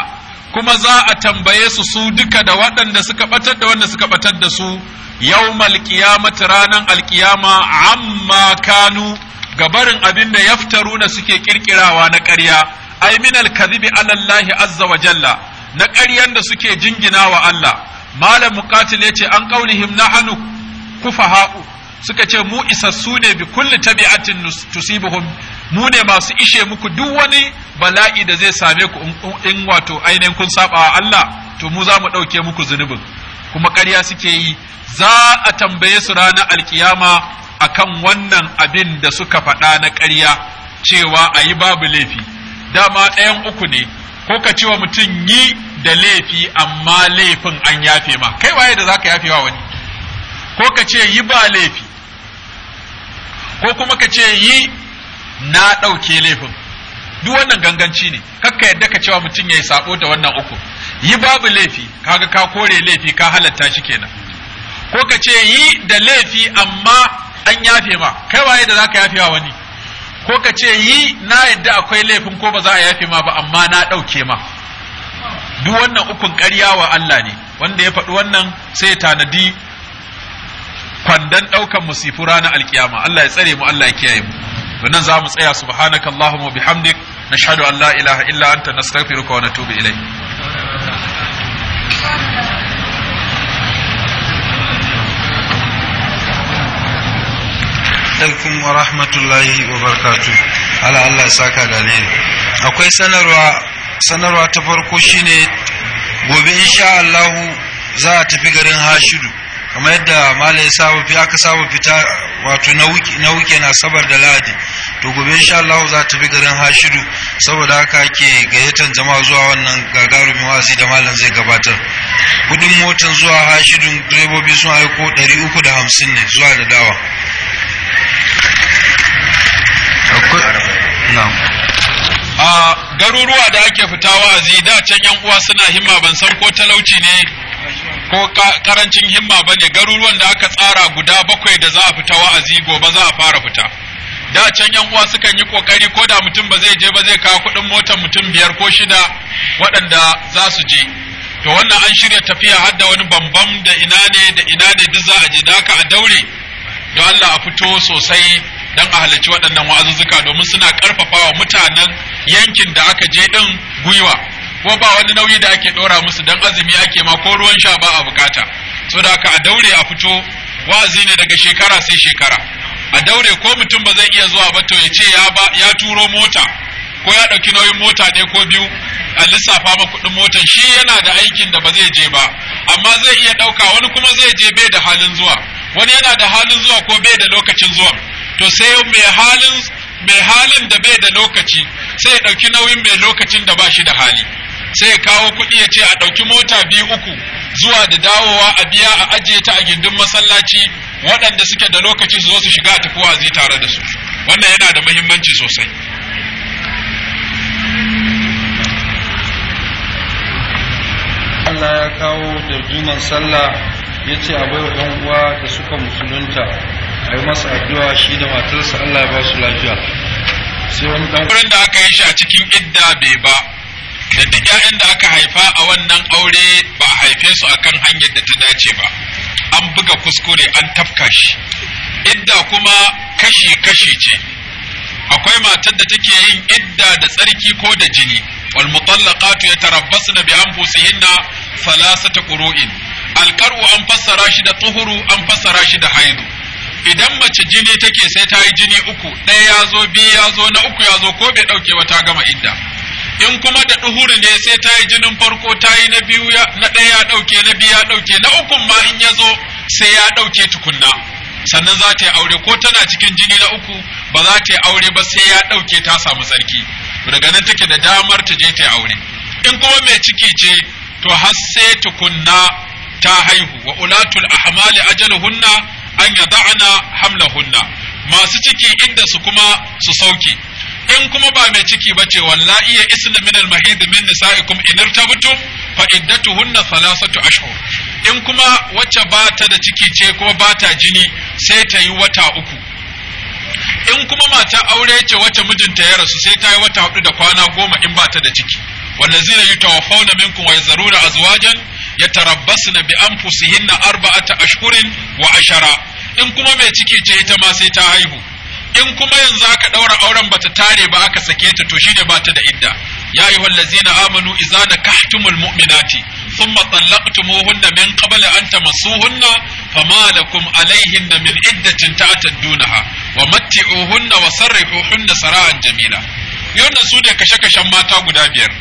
kuma za a tambaye su su duka da waɗanda suka batar da wanda suka ɓatar da su yawmal qiyamati ranan alqiyama amma kanu Ga barin abin da yaftaruna suke kirkirawa na ƙarya ai min alkadhibi ala Allah azza wa jalla na ƙaryan da suke jingina wa Allah malam muqatil yace an qaulihim nahnu kufaha'u suka ce mu isassu ne bi kulli tabi'atin tusibuhum mu ne masu ishe muku duk wani bala'i da zai same ku in wato ainihin kun saba wa Allah to mu za mu ɗauke muku zunubin kuma ƙarya suke yi za a tambaye su ranar alkiyama akan wannan abin da suka faɗa na ƙarya cewa a yi babu laifi dama ɗayan uku ne ko ka cewa mutum yi da laifi amma laifin an yafe ma kai waye da zaka yafe wa wani ko ka ce yi ba laifi ko kuma ka ce yi na ɗauke laifin duk wannan ganganci ne kakka yadda ka cewa mutum ya yi sabo da wannan uku yi babu laifi kaga ka kore laifi ka halatta shi kenan ko ka ce yi da laifi amma an yafe ma kai waye da zaka yafe wa wani ko ka ce yi na yadda akwai laifin ko ba za a yafe ma ba amma na ɗauke ma duk wannan ukun ƙarya wa Allah ne wanda ya faɗi wannan sai tanadi kwandon ɗaukan musifu ranar alkiyama Allah ya tsare mu Allah ya kiyaye mu to nan za mu tsaya subhanakallahumma bihamdik nashhadu an la ilaha illa anta nastaghfiruka wa natubu ilayk alaikum wa rahmatullahi wa barkatu ala Allah saka da akwai sanarwa sanarwa ta farko shine gobe insha Allah za a tafi garin Hashidu kamar yadda mala ya saba fi aka saba fita wato na wuke na sabar da ladi to gobe insha Allah za a tafi garin Hashidu saboda haka ke gayyatar jama'a zuwa wannan gagarumin wazi da malam zai gabatar kudin motar zuwa hashidu direbobi sun aiko 350 ne zuwa da dawa a garuruwa da ake fita wa'azi da can yan uwa suna himma ban san ko talauci ne ko karancin himma ba ne garuruwan da aka tsara guda bakwai da za a fita wa'azi gobe za a fara fita da can yan uwa sukan yi kokari ko da mutum ba zai je ba zai kawo kuɗin motar mutum biyar ko shida waɗanda za su je to wannan an shirya tafiya har da wani bambam da ina ne da ina ne duk za a je da haka a daure don Allah a fito sosai don a halarci waɗannan wa'azuzzuka domin suna ƙarfafa wa mutanen yankin da aka je ɗin gwiwa ko ba wani nauyi da ake ɗora musu don azumi ake ma ko ruwan sha ba a bukata so da aka a daure a fito wa'azi ne daga shekara sai shekara a daure ko mutum ba zai iya zuwa ba to ya ce ya turo mota ko ya ɗauki nauyin mota ne ko biyu a lissafa ma kuɗin motar shi yana da aikin da ba zai je ba amma zai iya ɗauka wani kuma zai je bai da halin zuwa wani yana da halin zuwa ko bai da lokacin zuwa to sai mai halin mai halin da bai da lokaci sai ya ɗauki nauyin mai lokacin da bashi da hali sai ya kawo kuɗi ya ce a ɗauki mota biyu uku zuwa da dawowa a biya a ajiye ta a gindin masallaci waɗanda suke da lokaci su zo su shiga a tafi wazi tare da su wannan yana da muhimmanci sosai Allah ya kawo da sallah ya ce a wa ɗan uwa da suka musulunta a yi masa addu'a shi da matarsa Allah ya ba su lafiya sai wani ɗan wurin da aka yi shi a cikin idda bai ba da duk ƴaƴan da aka haifa a wannan aure ba a haife su akan hanyar da ta dace ba an buga kuskure an tafka shi idda kuma kashi kashi ce akwai matar da take yin idda da tsarki ko da jini wal mutallaqatu yatarabbasna bi anfusihinna thalathata qurun alkaru an fassara shi da tuhuru an fassara shi da haidu idan mace jini take sai ta yi jini uku ɗaya ya zo biyu ya zo na uku ya zo ko bai ɗauke ba ta gama idda in kuma da tuhuru ne sai ta yi jinin farko ta yi na biyu na ɗaya ya ɗauke na biyu ya ɗauke na ukun ma in ya zo sai ya ɗauke tukunna sannan za ta yi aure ko tana cikin jini na uku ba za ta yi aure ba sai ya ɗauke ta samu tsarki. daga nan take da damar ta je ta yi aure in kuma mai ciki ce to har sai tukunna ta haihu wa ulatul ahmali ajaluhunna an yada'na hamlahunna masu ciki inda su kuma su sauke in kuma ba mai ciki ba ce wallahi ya isna min al-mahid min nisaikum in irtabtu fa iddatuhunna thalathatu ashhur in kuma wacce ba ta da ciki ce ko ba ta jini sai ta yi wata uku in kuma mata aure ce wacce mijinta ya rasu sai ta yi wata hudu da kwana goma in ba ta da ciki zai wallazina yutawaffawna minkum wa yazaruna azwajan Ya yatarabbasna bi anfusihinna arba'a ta wa ashara in kuma mai ciki ce ta ma sai ta haihu in kuma yanzu haka ɗaura auren bata tare ba aka sake ta to shine bata da idda ya ayyuhal ladzina amanu idza nakahtumul mu'minati thumma talaqtumuhunna min qabl an tamassuhunna fama lakum alayhinna min ta ta'taddunaha wa matti'uhunna wa sarrihuhunna sarahan jamila yana su ne kashe-kashen mata guda biyar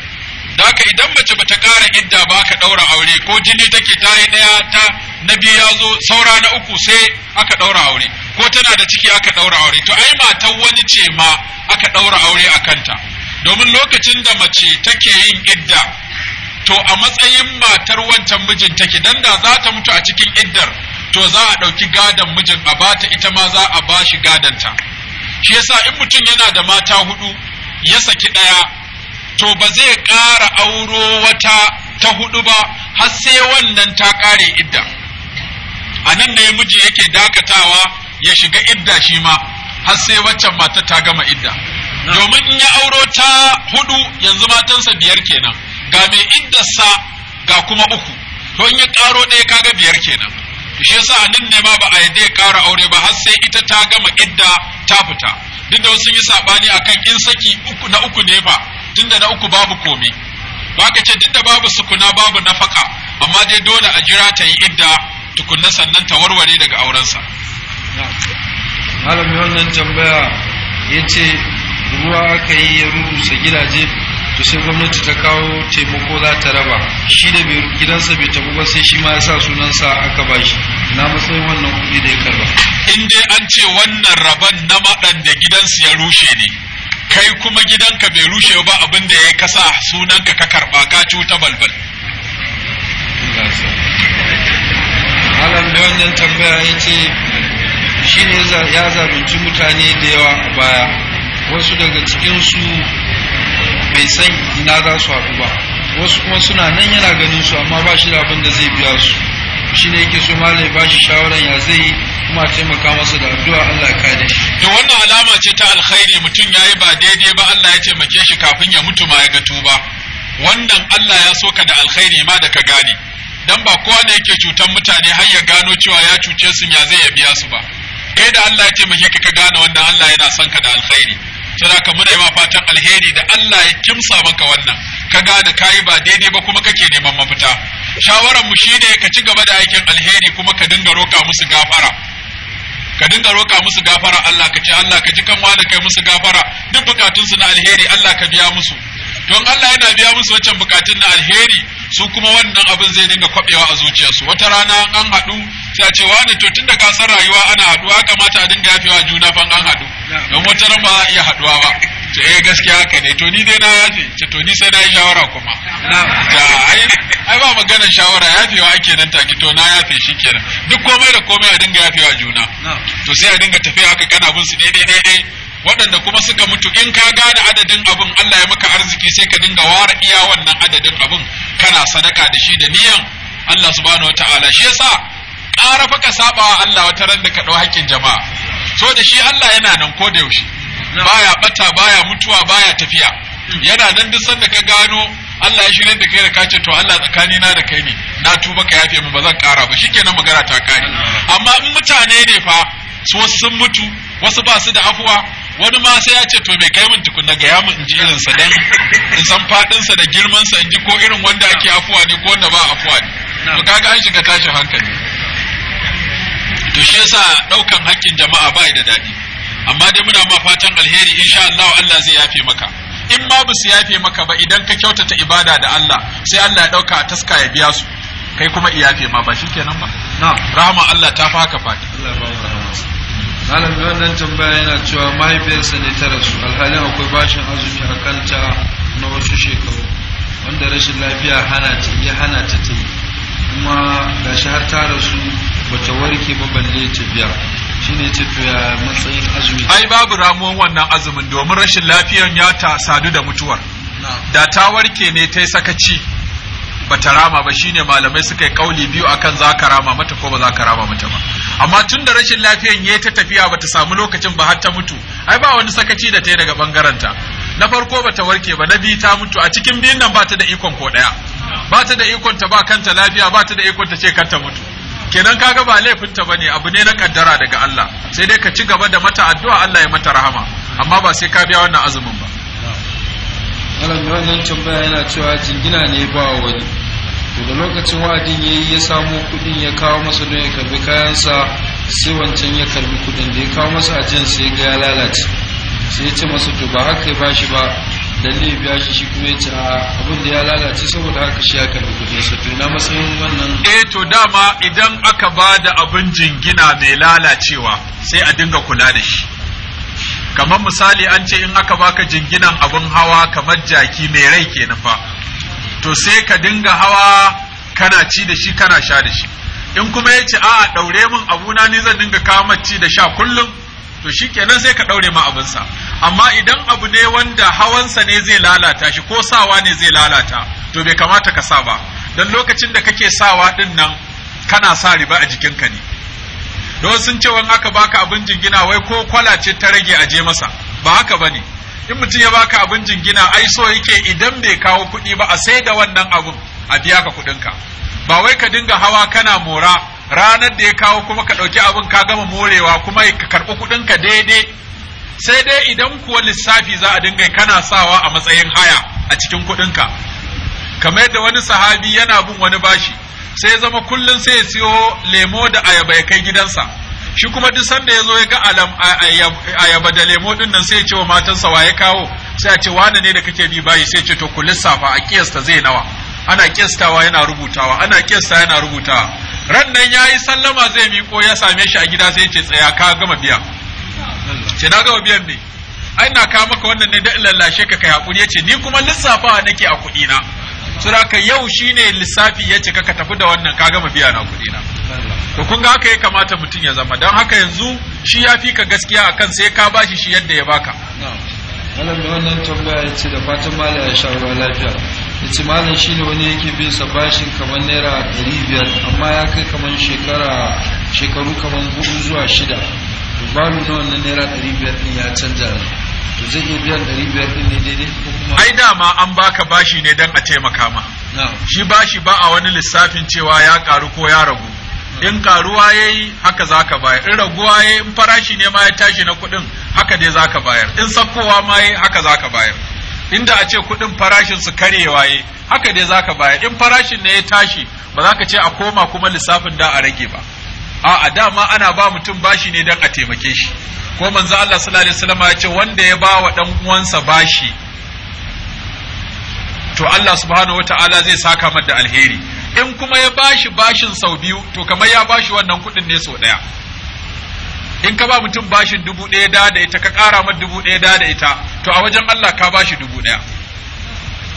da haka idan mace bata ƙara idda ba ka ɗaura aure ko jini take ta yi ɗaya ta na biyu ya zo saura na uku sai aka ɗaura aure ko tana da ciki aka ɗaura aure to ai matan wani ce ma aka ɗaura aure a kanta domin lokacin da mace take yin idda to a matsayin matar wancan mijin take dan da za ta mutu a cikin iddar to za a ɗauki gadon mijin a bata ita ma za a ba shi gadonta shi yasa in mutum yana da mata hudu ya saki ɗaya to ba zai ƙara auro wata ta hudu ba har sai wannan ta ƙare idda a nan ne miji yake dakatawa ya shiga idda shi ma har sai waccan mata ta gama idda domin in ya auro ta hudu yanzu matansa biyar kenan ga mai iddarsa ga kuma uku to in ya ƙaro ɗaya kaga biyar kenan shi yasa a nan ne ma ba a yadda ya ƙara aure ba har sai ita ta gama idda ta fita duk da wasu yi saɓani akan in saki na uku ne ba tunda na uku babu komi ka ce duk da babu sukuna babu nafaka amma dai dole a jira ta yi idda tukunna sannan ta warware daga aurensa malami wannan tambaya ya ce ruwa aka yi ya rurrusa gidaje to sai gwamnati ta kawo taimako za ta raba shi da gidansa bai tafi ba sai shi ma ya sa sunansa aka bashi, shi na matsayin wannan kuɗi da ya karba in dai an ce wannan raban na maɗan da gidansu ya rushe ne kai kuma gidanka bai rushe ba abin da ya kasa sunanka ka karba ka cuta balbal alam wannan tambaya ya ce shi ne ya zabinci mutane da yawa a baya wasu daga cikinsu bai san ina za su haɗu ba wasu kuma suna nan yana ganin su amma ba shi da abin da zai biya su shi ne yake so malai ba shi shawaran ya zai kuma taimaka masa da addu'a Allah ya da shi to wannan alama ce ta alkhairi mutum ya yi ba daidai ba Allah ya taimake shi kafin ya mutu ma ya ga tuba wannan Allah ya so ka da alkhairi ma da ka gane dan ba kowa ne yake cutan mutane har ya gano cewa ya cuce su ya zai ya biya su ba kai da Allah ya taimake ka ka gane wanda Allah yana son ka da alkhairi tana ka muna yi ma fatan alheri da Allah ya kimsa maka wannan ka gane yi ba daidai ba kuma kake neman mafita shawaran mu shine ka ci gaba da aikin alheri kuma ka dinga roka musu gafara ka dinga roka musu gafara Allah ka ce Allah ka ji kan wani kai musu gafara duk bukatun su na alheri Allah ka biya musu don Allah yana biya musu wancan bukatun na alheri su kuma wannan abin zai dinga kwabewa a zuciyarsu wata rana an hadu sai a ce wani to tun da rayuwa ana haɗuwa kamata a dinga yafewa juna fan an haɗu don wata ran ba za a iya haɗuwa ba ce eh gaskiya haka ne to ni dai na yaje ce to ni sai na yi shawara kuma Da ai ai ba maganar shawara yafewa ake nan take to na yafe shi kenan duk komai da komai a dinga yafewa juna to sai a dinga tafiya haka kana bin su daidai daidai waɗanda kuma suka mutu in ka gane adadin abin Allah ya maka arziki sai ka dinga ware iya wannan adadin abin kana sadaka da shi da niyan Allah subhanahu wataala shi yasa ƙara fa ka saba wa Allah wata ran da ka ɗau haƙƙin jama'a so da shi Allah yana nan ko da yaushe baya bata baya mutuwa baya tafiya hmm. yana nan duk sanda ka gano Allah ya shirye da kai da kace to Allah tsakani na da kai ne na tuba ka yafe mu ba zan kara ba shikenan magana ta kare hmm. amma in mutane ne fa su sun mutu wasu ba su da afuwa wani ma sai ya ce to bai kai mun tukunna ga ya mun ji irin sa dan in san fadin sa da girman sa in ji ko irin wanda ake afuwa ne ko wanda ba afuwa ne to kaga an shiga tashin hankali to shi yasa daukan hakkin jama'a ba da dadi amma dai muna ma fatan alheri insha Allah Allah zai yafe maka in ma bu su yafe maka ba idan ka kyautata ibada da Allah sai Allah ya dauka taska ya biya su kai kuma iyafe ma ba shikenan ba rahama Allah ta fa haka fadi malam wannan tambaya yana cewa mahaifiyarsa ne ta rasu alhalin akwai bashin azumi a kanta na wasu shekaru wanda rashin lafiya hana ta ya hana ta ta yi kuma gashi har ta rasu bata warke ba balle ta biya shine tafiya matsayin azumi ai babu ramuwan wannan azumin domin rashin lafiyan ya ta sadu da mutuwar da ta warke ne ta sakaci ba ta rama ba shine malamai suka yi kauli biyu akan za ka rama mata ko ba za ka rama mata ba amma tun da rashin lafiyan ya ta tafiya ba ta samu lokacin ba har ta mutu ai ba wani sakaci da ta yi daga bangaranta na farko ba ta warke ba na biyu ta mutu a cikin biyun nan ba ta da ikon ko daya ta da ikon ta ba kanta lafiya ba ta da ikon ta ce kar ta mutu kenan kaga ba laifin laifinta bane abu ne na kaddara daga Allah sai dai ka ci gaba da mata addu'a Allah ya mata rahama amma ba sai ka biya wannan azumin ba malam wannan tambaya yana cewa jingina ne ba wani to da lokacin wa'adin yayi ya samu kudin ya kawo masa don ya karbi kayansa sai wancan ya karbi kudin da ya kawo masa ajiyar sai ga ya lalace sai ya ce masa to ba haka ya bashi ba lalle biya shi shi kuma ya cira abin da ya lalace saboda haka shi ya karbi kudin sa to ina matsayin wannan eh to dama idan aka ba da abin jingina mai lalacewa sai a dinga kula da shi kamar misali an ce in aka baka jinginan abin hawa kamar jaki mai rai kenan fa to sai ka dinga hawa kana ci da shi kana sha da shi in kuma ya ce a'a daure min abuna ni zan dinga kawo ci da sha kullum to shi shikenan sai ka daure ma sa amma idan abu ne wanda hawansa ne zai lalata shi ko sawa ne zai lalata to bai kamata ka sa ba don lokacin da kake sawa din nan kana sa riba a jikinka ne don sun ce wani aka baka abin jingina wai ko kwala ce ta rage a je masa ba haka ba ne in mutum ya baka abin jingina ai so yake idan bai kawo kuɗi ba a sai da wannan abun a biya ka kuɗinka ba wai ka dinga hawa kana mora ranar da ya kawo kuma ka ɗauki abin ka gama morewa kuma ka karɓi kuɗinka daidai sai dai idan kuwa lissafi za a dinga kana sawa a matsayin haya a cikin kuɗinka kamar yadda wani sahabi yana bin wani bashi sai ya zama kullum sai ya siyo lemo da ayaba ya kai gidansa shi kuma duk sanda ya zo ya ga alam ayaba da lemo din nan sai ya ce wa matansa wa ya kawo sai a ce wane ne da kake bi bayi sai ya ce to ku lissafa a kiyasta zai nawa ana kiyastawa yana rubutawa ana kiyasta yana rubutawa ran nan yayi sallama zai miko ya same shi a gida sai ya ce tsaya ka gama biya ce na gama biyan ne ai na kawo maka wannan ne da lallashe ka kai hakuri yace ni kuma lissafawa nake a kuɗi na suraka yau shine lissafi ya ka ka tafi da wannan ka gama biya na kuɗi na to kun ga haka ya kamata mutum ya zama don haka yanzu shi ya fi ka gaskiya akan sai ka bashi shi yadda ya baka malam da wannan tambaya ya ce da fatan malam ya sha ruwa lafiya ya ce malam wani yake bin sa bashin kamar naira ɗari biyar amma ya kai kamar shekara shekaru kamar hudu zuwa shida balu na wannan naira ɗari biyar ɗin ya canja to zai iya biyan ɗari biyar ɗin ne daidai ko kuma ai dama an baka bashi ne don a taimaka ma shi bashi ba a wani lissafin cewa ya karu ko ya ragu in karuwa ya yi haka za ka bayar in raguwa ya yi in farashi ne ma ya tashi na kuɗin haka dai za ka bayar in sakkowa ma ya yi haka za ka bayar inda a ce kuɗin farashin su karyewa ya haka dai za ka bayar in farashin ne ya tashi ba za ka ce a koma kuma lissafin da a rage ba a'a dama ana ba mutum bashi ne dan a taimake shi ko manzo Allah sallallahu alaihi ya ce wanda ya ba wa dan uwansa bashi to Allah subhanahu wataala zai saka mata alheri in kuma ya bashi bashin sau biyu to kamar ya bashi wannan kuɗin ne sau ɗaya in ka ba mutum bashin dubu ɗaya da da ita ka ƙara mata dubu ɗaya da da ita to a wajen Allah ka bashi dubu ɗaya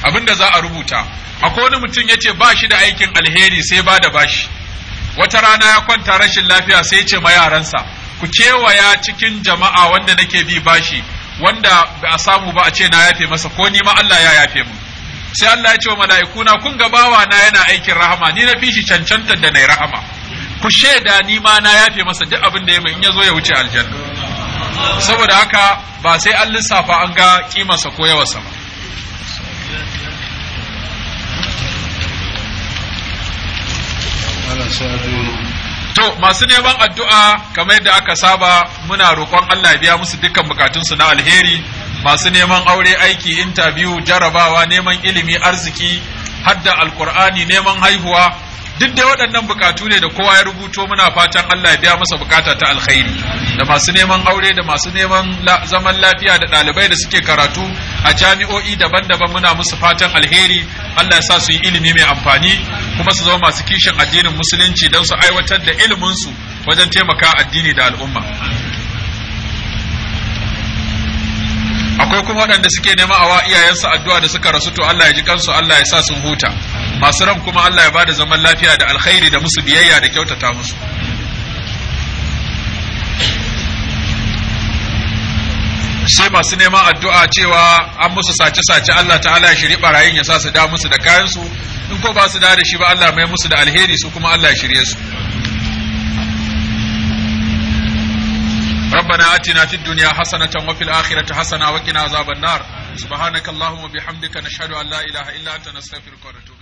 abinda za a rubuta akwai wani mutum ya ce ba shi da aikin alheri sai ba da bashi wata rana ya kwanta rashin lafiya sai ya ce ma yaransa ku kewaya cikin jama'a wanda nake bi bashi wanda ba a samu ba a ce na yafe masa ko ni ma Allah ya yafe mu sai Allah ya ce wa mala'ikuna kun ga bawa na yana aikin rahama ni na fi shi cancanta da nayi rahama ku shaida ni ma na yafe masa duk abin da ya mai in ya ya wuce aljanna saboda haka ba sai an lissafa an ga kimarsa ko yawa sama to masu neman addu'a kamar yadda aka saba muna roƙon Allah ya biya musu dukkan bukatunsu na alheri masu neman aure aiki interview jarabawa neman ilimi arziki hadda alkur'ani neman haihuwa duk da waɗannan bukatu ne da kowa ya rubuto muna fatan Allah ya biya masa bukata ta alkhairi da masu neman aure da masu neman zaman lafiya da ɗalibai da suke karatu a jami'o'i daban-daban muna musu fatan alheri Allah ya sa su yi ilimi mai amfani kuma su zama masu kishin addinin musulunci don su aiwatar da su wajen taimaka addini da al'umma akwai kuma waɗanda suke nema awa iyayensu addu'a da suka rasu to Allah ya ji kansu Allah ya sa sun huta masu ran kuma Allah ya bada zaman lafiya da alkhairi da musu biyayya da kyautata musu sai masu neman addu'a cewa an musu sace-sace Allah ta'ala ya shiri barayin ya sa su da musu da kayansu in ko ba su da da shi ba Allah mai musu da alheri su kuma Allah ya shirye su ربنا آتنا في الدنيا حسنة وفي الآخرة حسنة وقنا عذاب النار سبحانك اللهم وبحمدك نشهد أن لا إله إلا أنت نستغفرك ونتوب